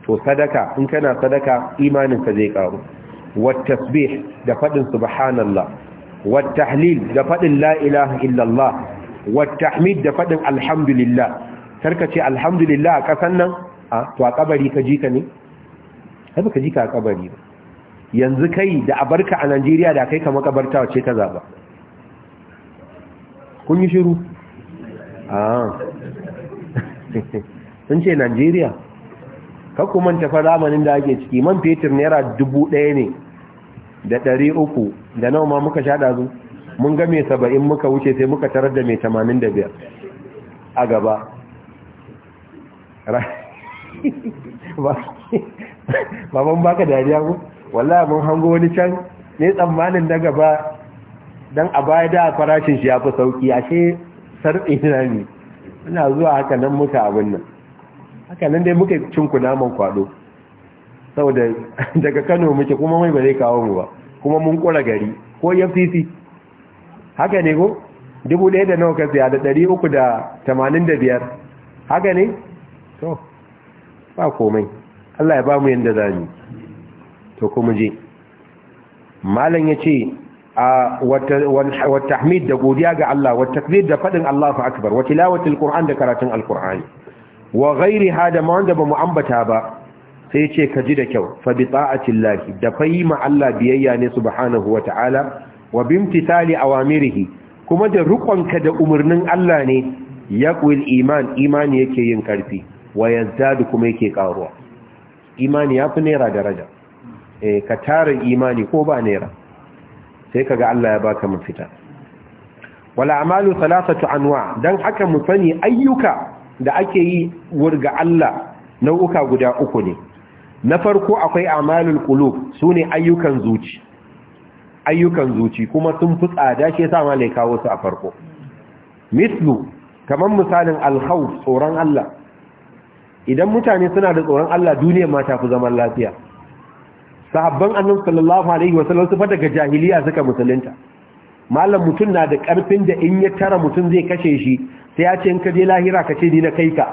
to sadaka in kana sadaka imaninka zai karu والتسبيح دفد سبحان الله والتحليل دفد لا إله إلا الله والتحميد دفد الحمد لله تركتي الحمد لله كسنة تو أقبري كجيك ka هذا كجيك أقبري yanzu kai da abarka a Najeriya da kai kamar kabarta wace ka zaba kun yi shiru ah (laughs) sun ce Najeriya kakku manta fa zamanin da ake ciki man fetur naira dubu ɗaya ne da ɗari uku da nawa ma muka sha ɗazu mun ga mai saba'in muka wuce sai muka tarar da mai tamanin da biyar a gaba (laughs) (laughs) baban baka dariya ku wallahi mun hango wani can ne tsammanin na gaba don a baya da farashin shi ya fi sauki ashe sarɗi na ne ina zuwa haka nan muka abin nan haka nan dai muka cinku naman kwado saboda (laughs) daga kano muke kuma mai ba zai kawo mu ba kuma mun kura gari ko fcc haka ne ko dubu ɗaya da nawa ka siya da ɗari uku da tamanin da biyar haka ne to ba komai allah ya ba mu yadda za mu to kuma je malam ya ce a wata da godiya ga allah wata da faɗin allahu akbar wa lawatul qur'an da karatun alqur'ani wa ghairiha da ma wanda mu ambata ba sai ce ka ji da kyau fa bi ta'atillahi da fayi ma Allah biyayya ne subhanahu ta'ala, wa bimtithali awamirihi kuma da rukonka da umurnin Allah ne yaqwil iman imani yake yin karfi wa yazdadu kuma yake karuwa imani yafi naira daraja eh ka tara imani ko ba naira sai kaga Allah ya baka mafita wala amalu thalathatu anwa dan haka mu sani ayyuka da ake yi wurga Allah nau'uka guda uku ne na farko akwai amalul qulub sune ayyukan zuci ayyukan zuci kuma sun fi tsada shi yasa malai kawo su a farko mislu kamar misalin al tsoron Allah idan mutane suna da tsoron Allah duniyar ma ta fi zaman lafiya sahabban annabi sallallahu alaihi wasallam su fa daga jahiliya suka musulunta malam mutum na da karfin da in ya tara mutum zai kashe shi sai ya ce in ka je lahira ka ce ni na kai ka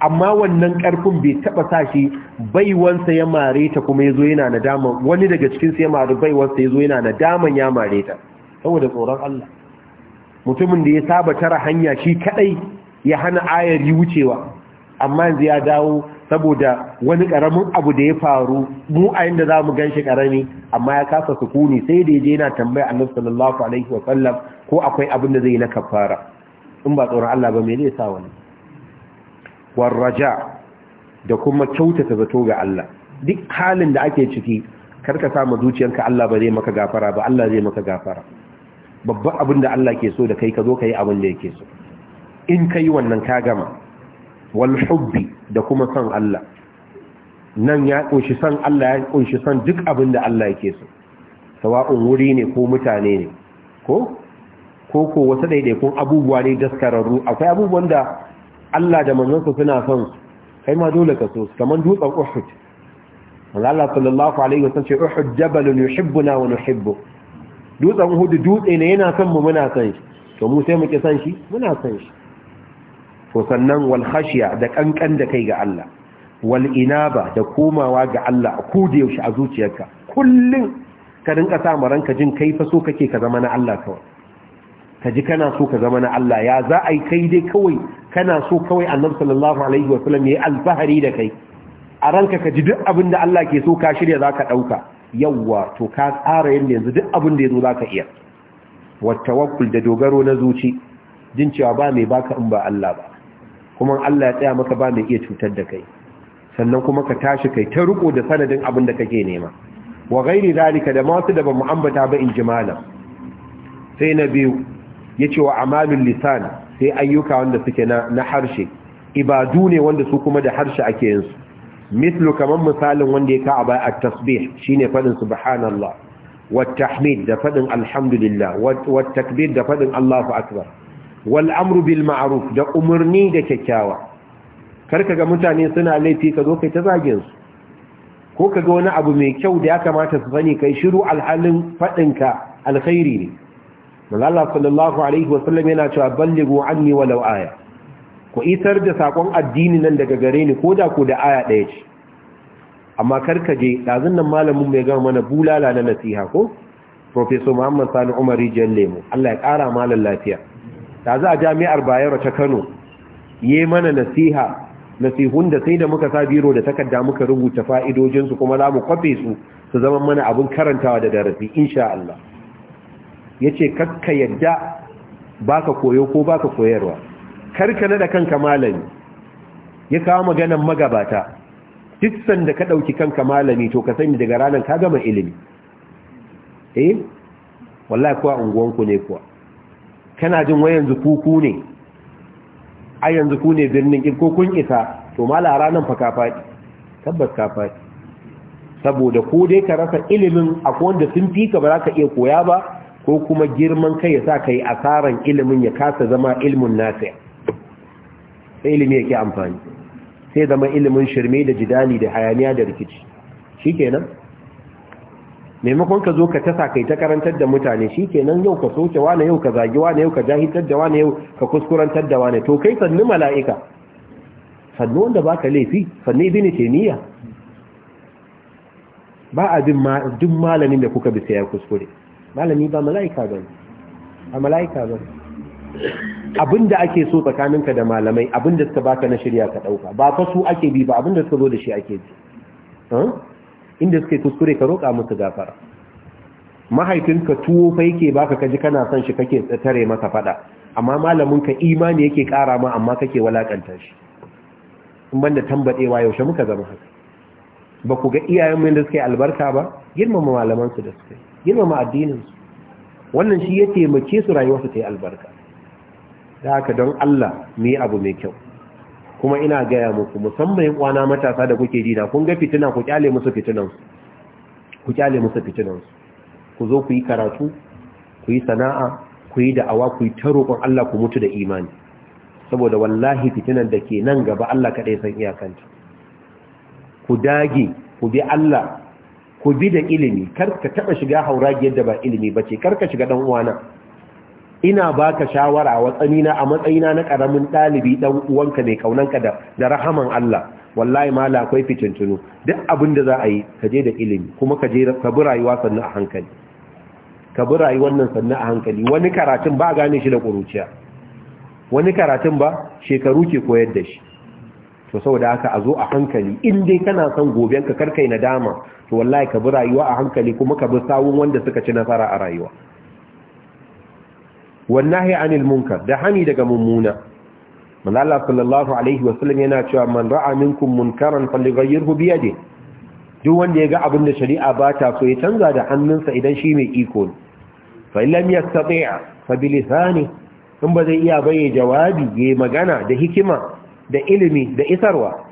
amma wannan karfin bai taba sa shi baiwansa ya mare ta kuma yazo yana nadama wani daga cikin sa ya mare baiwansa yazo yana nadaman ya mare ta saboda tsoron Allah mutumin da ya saba tara hanya shi kadai ya hana ayar yi wucewa amma yanzu ya dawo saboda wani karamin abu da ya faru mu a inda za mu ganshi karami amma ya kasa sukuni sai da je yana tambaya annabi sallallahu alaihi wa sallam ko akwai abin da zai na kafara in ba tsoron Allah ba me zai sa wani war da kuma kyautata zato ga Allah duk halin da ake ciki karka samu zuciyanka Allah ba zai maka gafara ba Allah zai maka gafara babban abin da Allah ke so da kai ka zo ka yi abin da yake so in kai wannan ka gama wal hubbi da kuma san Allah nan ya kunshi san Allah ya kunshi san duk abin da Allah yake so sawa'un wuri ne ko mutane ne ko ko ko wasu daidaikun abubuwa ne daskararru akwai abubuwan da Allah da manzansa suna son kai ma dole ka so kamar dutsen Uhud manzo Allah sallallahu alaihi wasallam ce Uhud jabalun yuhibbuna wa nuhibbu dutsen Uhud dutse ne yana son mu muna son shi to mu sai muke son shi muna son shi to sannan wal khashiya da kankan da kai ga Allah wal inaba da komawa ga Allah ko da yaushe a zuciyarka kullun ka rinka sa ma ranka jin kai fa so kake ka zama na Allah kawai ka ji kana so ka zama na Allah ya za a yi kai dai kawai kana so kawai annabi sallallahu alaihi wa sallam yayi alfahari da kai a ranka ka ji duk abin da Allah ke so ka shirya zaka dauka yawwa to ka tsara yanda yanzu duk abin da yazo zaka iya wa tawakkul da dogaro na zuci jin cewa ba mai baka in ba Allah ba kuma Allah ya tsaya maka ba mai iya cutar da kai sannan kuma ka tashi kai ta riko da sanadin abin da kake nema wa ghairi zalika da masu da bamu ambata ba in ji malam sai na biyu yace wa amalul lisan sai ayyuka wanda suke na na harshe ibadu ne wanda su kuma da harshe ake yin su mislu kaman misalin wanda ya ka a at-tasbih shine fadin subhanallah wat tahmid da fadin alhamdulillah wat takbir da fadin Allahu akbar wal amru bil ma'ruf da umarni da kyakkyawa karka ga mutane suna laifi ka zo kai ta zagin su ko ka ga wani abu mai kyau da ya kamata su sani kai shiru alhalin faɗinka alkhairi ne Allah sallallahu alaihi wasallam yana cewa ballighu anni walau aya ku isar da sakon addini nan daga gare ni ko da ko da aya ɗaya ce amma karka je ɗazun nan malamin mai gama mana bulala na nasiha ko Professor Muhammad Sani Umar Rijiyar Lemo Allah ya ƙara malar lafiya da za a jami'ar bayero ta kano yi mana nasiha nasihun da sai da muka sa biro da takarda muka rubuta fa'idojinsu kuma za mu kwafe su su zama mana abin karantawa da darasi insha Allah ya ce kakka yadda baka koyo ko baka koyarwa karka nada kanka malami ya kawo maganan magabata duk sanda ka ɗauki kanka malami to ka sani daga ranar ka gama ilimi eh wallahi kuwa unguwanku ne kuwa kana jin wai yanzu kuku ne a yanzu ku ne birnin ko kun isa to ma lara ranar fa kafaɗi, tabbas kafaɗi. saboda ko dai ka rasa ilimin akwai wanda sun fi ka ba za ka iya koya ba ko kuma girman kai ya sa ka yi asaran ilimin ya kasa zama ilimin nasi sai ilimi yake amfani sai zama ilimin shirme da jidali da hayaniya da rikici shikenan maimakon ka zo ka tasa kai ta karantar da mutane shi kenan yau ka soke wane yau ka zagi wane yau ka jahitar da wane yau ka kuskurantar da wane to kai sannu mala'ika sannu wanda ba ka laifi sannu ibini teniya ba a bin duk malamin da kuka bisa ya kuskure malami ba mala'ika ba a mala'ika ba abinda ake so tsakaninka da malamai abinda suka baka na shirya ka ɗauka, ba fa su ake bi ba abinda suka zo da shi ake bi inda suka kuskure ka roƙa musu gafara mahaifinka tuwo fa yake baka kaji kana son shi kake tare masa fada amma malamin ka imani yake ƙara ma amma kake walakanta shi in banda tambadewa yaushe muka zama haka ba ku ga iyayen mu da suka albarka ba girmama malaman su da suke, girmama addinin su wannan shi ya taimake su rayuwar su ta yi albarka da haka don Allah mu yi abu mai kyau kuma ina gaya muku musamman yin kwana matasa da kuke dina, kun ga fitina ku kyale musu fitinansu ku kyale musu fitinansu ku zo ku yi karatu ku yi sana'a ku yi da'awa ku yi ta roƙon Allah ku mutu da imani saboda wallahi fitinan da ke nan gaba Allah kaɗai san iyakanta ku dage ku bi Allah ku bi da ilimi kar ka taɓa shiga hauragiyar da ba ilimi ba ce kar ka shiga ɗan uwana ina baka shawara watsanina a matsayina na karamin ɗalibi ɗan uwanka mai kaunanka da rahaman Allah wallahi mala akwai fitintunu duk abinda da za a yi ka je da ilimi kuma ka je ka bi rayuwa sannu a hankali ka bi rayuwar nan sannu a hankali wani karatun ba gane shi da ƙuruciya wani karatun ba shekaru ke koyar da shi to saboda haka a zo a hankali in dai kana son goben ka karkai nadama to wallahi ka bi rayuwa a hankali kuma ka bi sawun wanda suka ci nasara a rayuwa wannahi anil munkar da hani daga mummuna manzala sallallahu alaihi sallam, yana cewa man ra'a minkum munkaran falyughayyirhu bi yadihi duk wanda ya ga abin da shari'a ba ta so ya canza da hannunsa idan shi mai iko ne fa illam yastati'a fa bi lisani in ba zai iya bayyana jawabi ya magana da hikima da ilimi da isarwa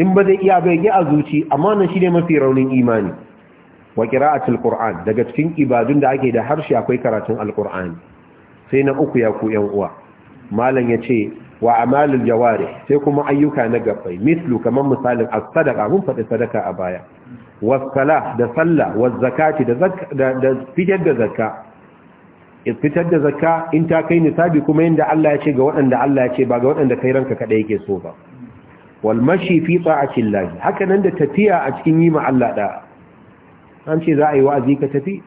in ba zai iya bayyana a zuci amma nan shi ne mafi raunin imani wa qira'atul qur'an daga cikin ibadun da ake da harshe akwai karatun alqur'ani sai na uku ya ku yan uwa malam yace wa amalul jawari sai kuma ayyuka na gabbai mislu kaman misalin as-sadaqa mun faɗi sadaka a baya was-salah da sallah was-zakati da da fitar da zakka fitar da zakka in ta kai nisabi kuma yanda Allah ya ce ga waɗanda Allah ya ce ba ga waɗanda kai ranka kada yake so ba wal mashi fi ta'atillah haka nan da tafiya a cikin yi Allah da an ce za a yi wa'azi ka tafi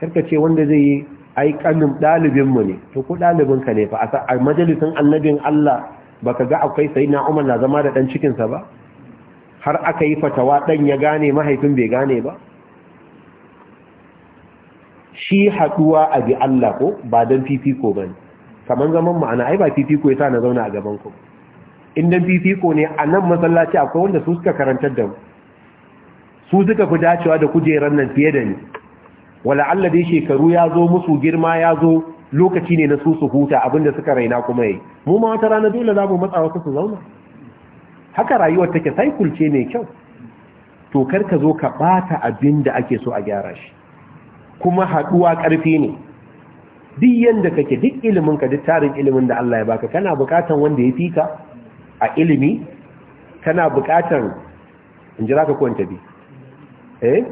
karka ce wanda zai yi ai kanin ɗalibinmu ne to ko ka ne fa a majalisin annabin Allah baka ga akwai sai na umar na zama da ɗan cikinsa ba har aka yi fatawa ɗan ya gane mahaifin bai gane ba shi haɗuwa a bi Allah ko ba don fifiko ba ne kamar zaman ma'ana ai ba fifiko ya sa na zauna a gaban ku in don fifiko ne a nan masallaci akwai wanda su suka karantar da mu su suka fi dacewa da kujerar nan fiye da ni wala Allah dai shekaru ya zo musu girma ya zo lokaci ne na su su huta abinda suka raina kuma yi mu ma wata rana dole za mu matsa wasu su zauna haka rayuwar take cycle ce mai kyau to kar ka zo ka bata abinda da ake so a gyara shi kuma haduwa karfi ne duk yanda kake duk ilimin ka duk tarin ilimin da Allah ya baka kana bukatan wanda ya fika a ilimi kana bukatan in jira ka kwanta bi eh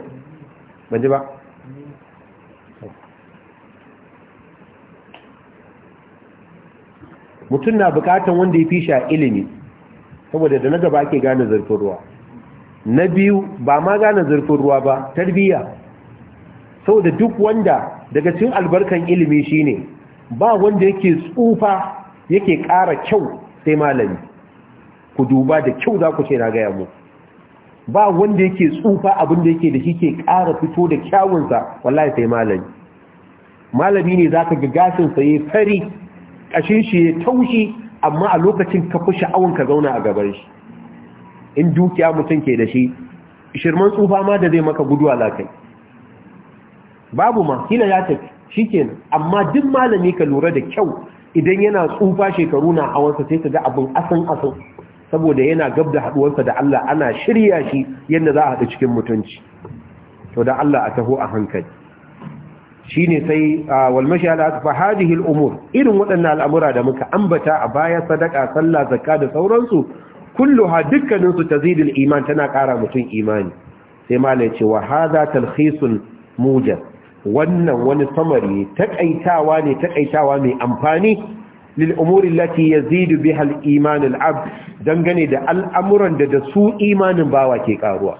mutum na bukatan wanda ya fi shi ilimi saboda da na gaba ake gane zurfin ruwa na biyu ba ma gane zurfin ruwa ba tarbiyya saboda duk wanda daga cin albarkan ilimi shi ne, ba wanda yake tsufa yake ƙara kyau sai malami ku duba da kyau za ku ce na gaya muku ba wanda yake tsufa abin da yake da shi ke ƙara fito da kyawunsa wallahi sai malami malami ne za ka ga gashinsa ya fari ƙashin shi ya taushi amma a lokacin ka fi sha'awun ka zauna a gaban shi in dukiya mutum ke da shi shirman tsufa ma da zai maka guduwa lakai babu ma kila ya tafi shi kenan amma duk malami ka lura da kyau idan yana tsufa shekaru na hawansa sai ka ga abin asan asan saboda yana gab da haduwarsa da Allah ana shirya shi yadda za a haɗu cikin mutunci to da Allah a taho a hankali ne sai walmashi mashala fa hadhihi umur irin waɗannan al'amura da muka ambata a baya sadaka sallah zakka da sauransu kulluha dukkaninsu ta tazidul iman tana ƙara mutum imani sai malai ce wa hadha talkhisun mujaz wannan wani samari takaitawa ne takaitawa mai amfani lil umuri allati yazidu biha al iman dangane da al'amuran da da su imanin bawa ke karuwa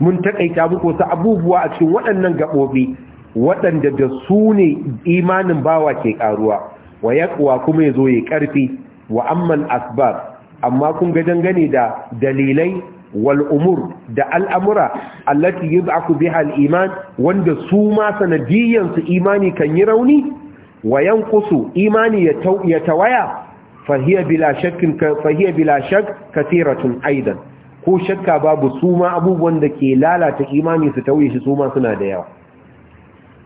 mun takaita muku wasu abubuwa a cikin waɗannan gabobi waɗanda da su ne imanin bawa ke karuwa wa yaqwa kuma yazo ya karfi wa amma al asbab amma kun ga dangane da dalilai wal'umur da al'amura allati yi biha iman wanda su ma sanadiyansu imani kan yi rauni wa yanqusu imani ya tawaya fahiya bila fahiya bila shak kasiratun aidan ko shakka babu suma abubuwan da ke lalata imani su tauye shi suma suna da yawa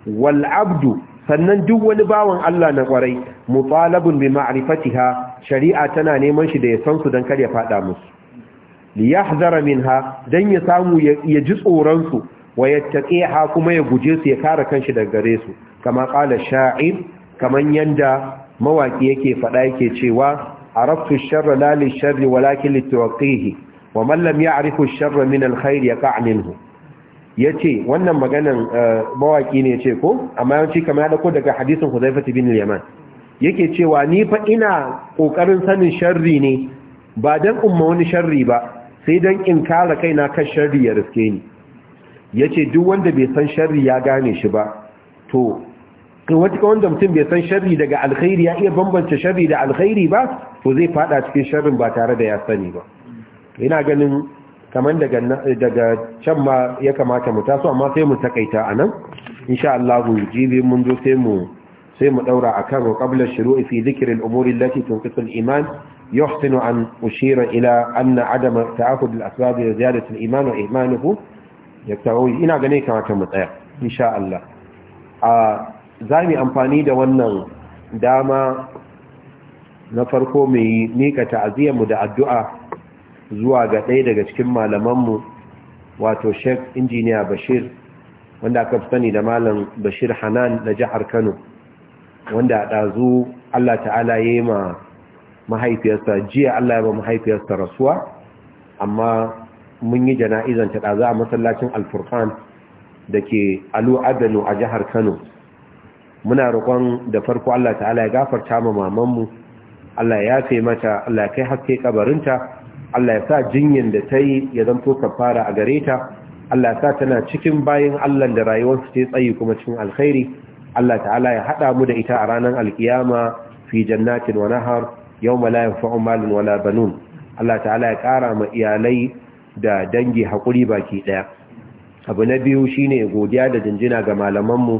Wal'abdu, sannan duk wani bawan Allah na kwarai mutalabun bi ha? shari'a tana neman shi da ya san su dan kar ya fada musu li yahzara minha dan ya samu ya ji tsoron su wa ha kuma ya guje su ya kare kanshi daga gare su kama qala sha'ib kamar yadda mawaƙi yake faɗa yake cewa araftu sharra lalin sharri walakin li tawqihi wa mallam ya arifu sharra min alkhair aminu, ya ce wannan maganan eh, mawaƙi ne ce ko amma yawanci kamar ya dauko daga hadisin Huzaifah bin Yaman yake cewa ni fa ina kokarin sanin sharri ne ba dan umma wani sharri ba sai don in kare kaina kan sharri ya riske ni ya ce duk wanda bai san sharri ya gane shi ba to wata wanda mutum bai san sharri daga alkhairi ya iya bambance sharri da alkhairi ba to zai fada cikin sharrin ba tare da ya sani ba ina ganin kamar daga daga can ma ya kamata mu taso amma sai mu takaita anan insha Allah jibi mun zo sai mu sai mu daura akan qabla shuru'i fi dhikri al-umuri allati tunqisu al-iman يحسن أن أشير إلى أن عدم تعاقد الأسباب لزيادة الإيمان وإيمانه يكتعوي إنا غني كما تمتع إن شاء الله za mu amfani da wannan dama na farko mai mika ta'aziyarmu da addu'a zuwa ga ɗaya daga cikin malamanmu wato shek Injiniya Bashir wanda aka sani da malam Bashir Hanan na jihar Kano wanda a ɗazu Allah ta'ala ya yi ma mahaifiyarsa jiya Allah ya ba mahaifiyarsa rasuwa amma mun yi jana'izan ta ɗazu a masallacin Alfurkan da ke Alu Adano a jihar Kano muna roƙon da farko Allah ta'ala ya gafarta ma mamanmu Allah ya yafe mata Allah ya kai haske kabarinta Allah ya sa jinyin da ta yi ya zanto kafara a gare ta Allah ya sa tana cikin bayan Allah da rayuwarsu ta tsayi kuma cikin alkhairi Allah ta'ala ya haɗa mu da ita a ranar alkiyama fi jannatin wa nahar ma la yanfa'u malun wala banun Allah ta'ala ya kara ma iyalai da dangi hakuri baki daya abu na biyu shine godiya da jinjina ga malaman mu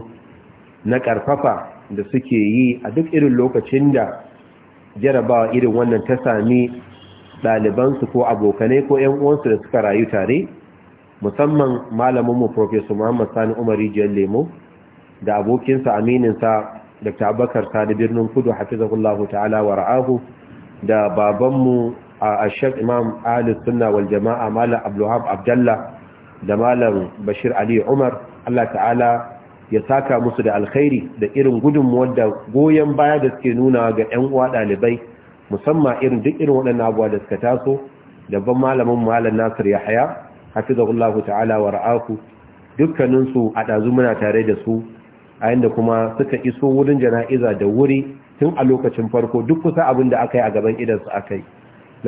na ƙarfafa da suke yi a duk irin lokacin da jarabawa irin wannan ta sami ɗalibansu ko abokanai ko ‘yan uwansu da suka rayu tare musamman malaminmu Profesor Muhammad Sani Umar Jiyar Lemo da abokinsa amininsa Dr. Abakar Sani Birnin Kudu Hafizahullahu Ta'ala wa ra'ahu da babanmu a Ashek Imam Ali Sunna wal Jama'a Malam Abdullahi Abdallah da Malam Bashir Ali Umar Allah Ta'ala ya saka musu da alkhairi da irin gudunmu da goyon baya da suke nuna ga 'yan uwa ɗalibai musamman irin duk irin waɗannan abuwa da suka taso ban malamin malam nasir ya haya hafizahullahu ta'ala wa ra'aku dukkaninsu a ɗazu muna tare da su a yadda kuma suka iso wurin jana'iza da wuri tun a lokacin farko duk kusa abin da aka yi a gaban idansu aka yi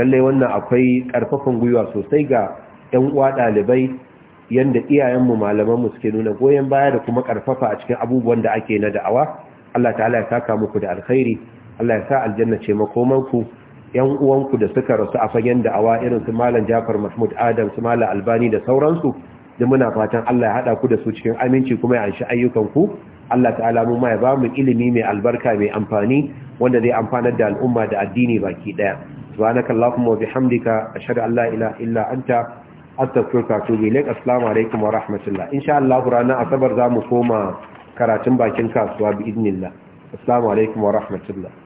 lallai wannan akwai ƙarfafan gwiwa sosai ga 'yan uwa ɗalibai yanda iyayenmu malamanmu suke nuna goyon baya da kuma karfafa a cikin abubuwan da ake na da'awa Allah ta'ala ya saka muku da alkhairi Allah ya sa aljanna ce makomanku yan uwanku da suka rasu a fagen da'awa irin su malam Jafar Mahmud Adam su malam Albani da sauransu da muna fatan Allah ya hada ku da su cikin aminci kuma ya anshi ayyukan ku Allah ta'ala mu ma ya ba mu ilimi mai albarka mai amfani wanda zai amfanar da al'umma da addini baki daya subhanakallahumma wa bihamdika ashhadu an la ilaha illa anta astaghfiruka wa atubu ilaik alaikum wa rahmatullah insha Allah ranar asabar za mu koma karatun bakin kasuwa bi idnillah aslamu alaikum wa rahmatullah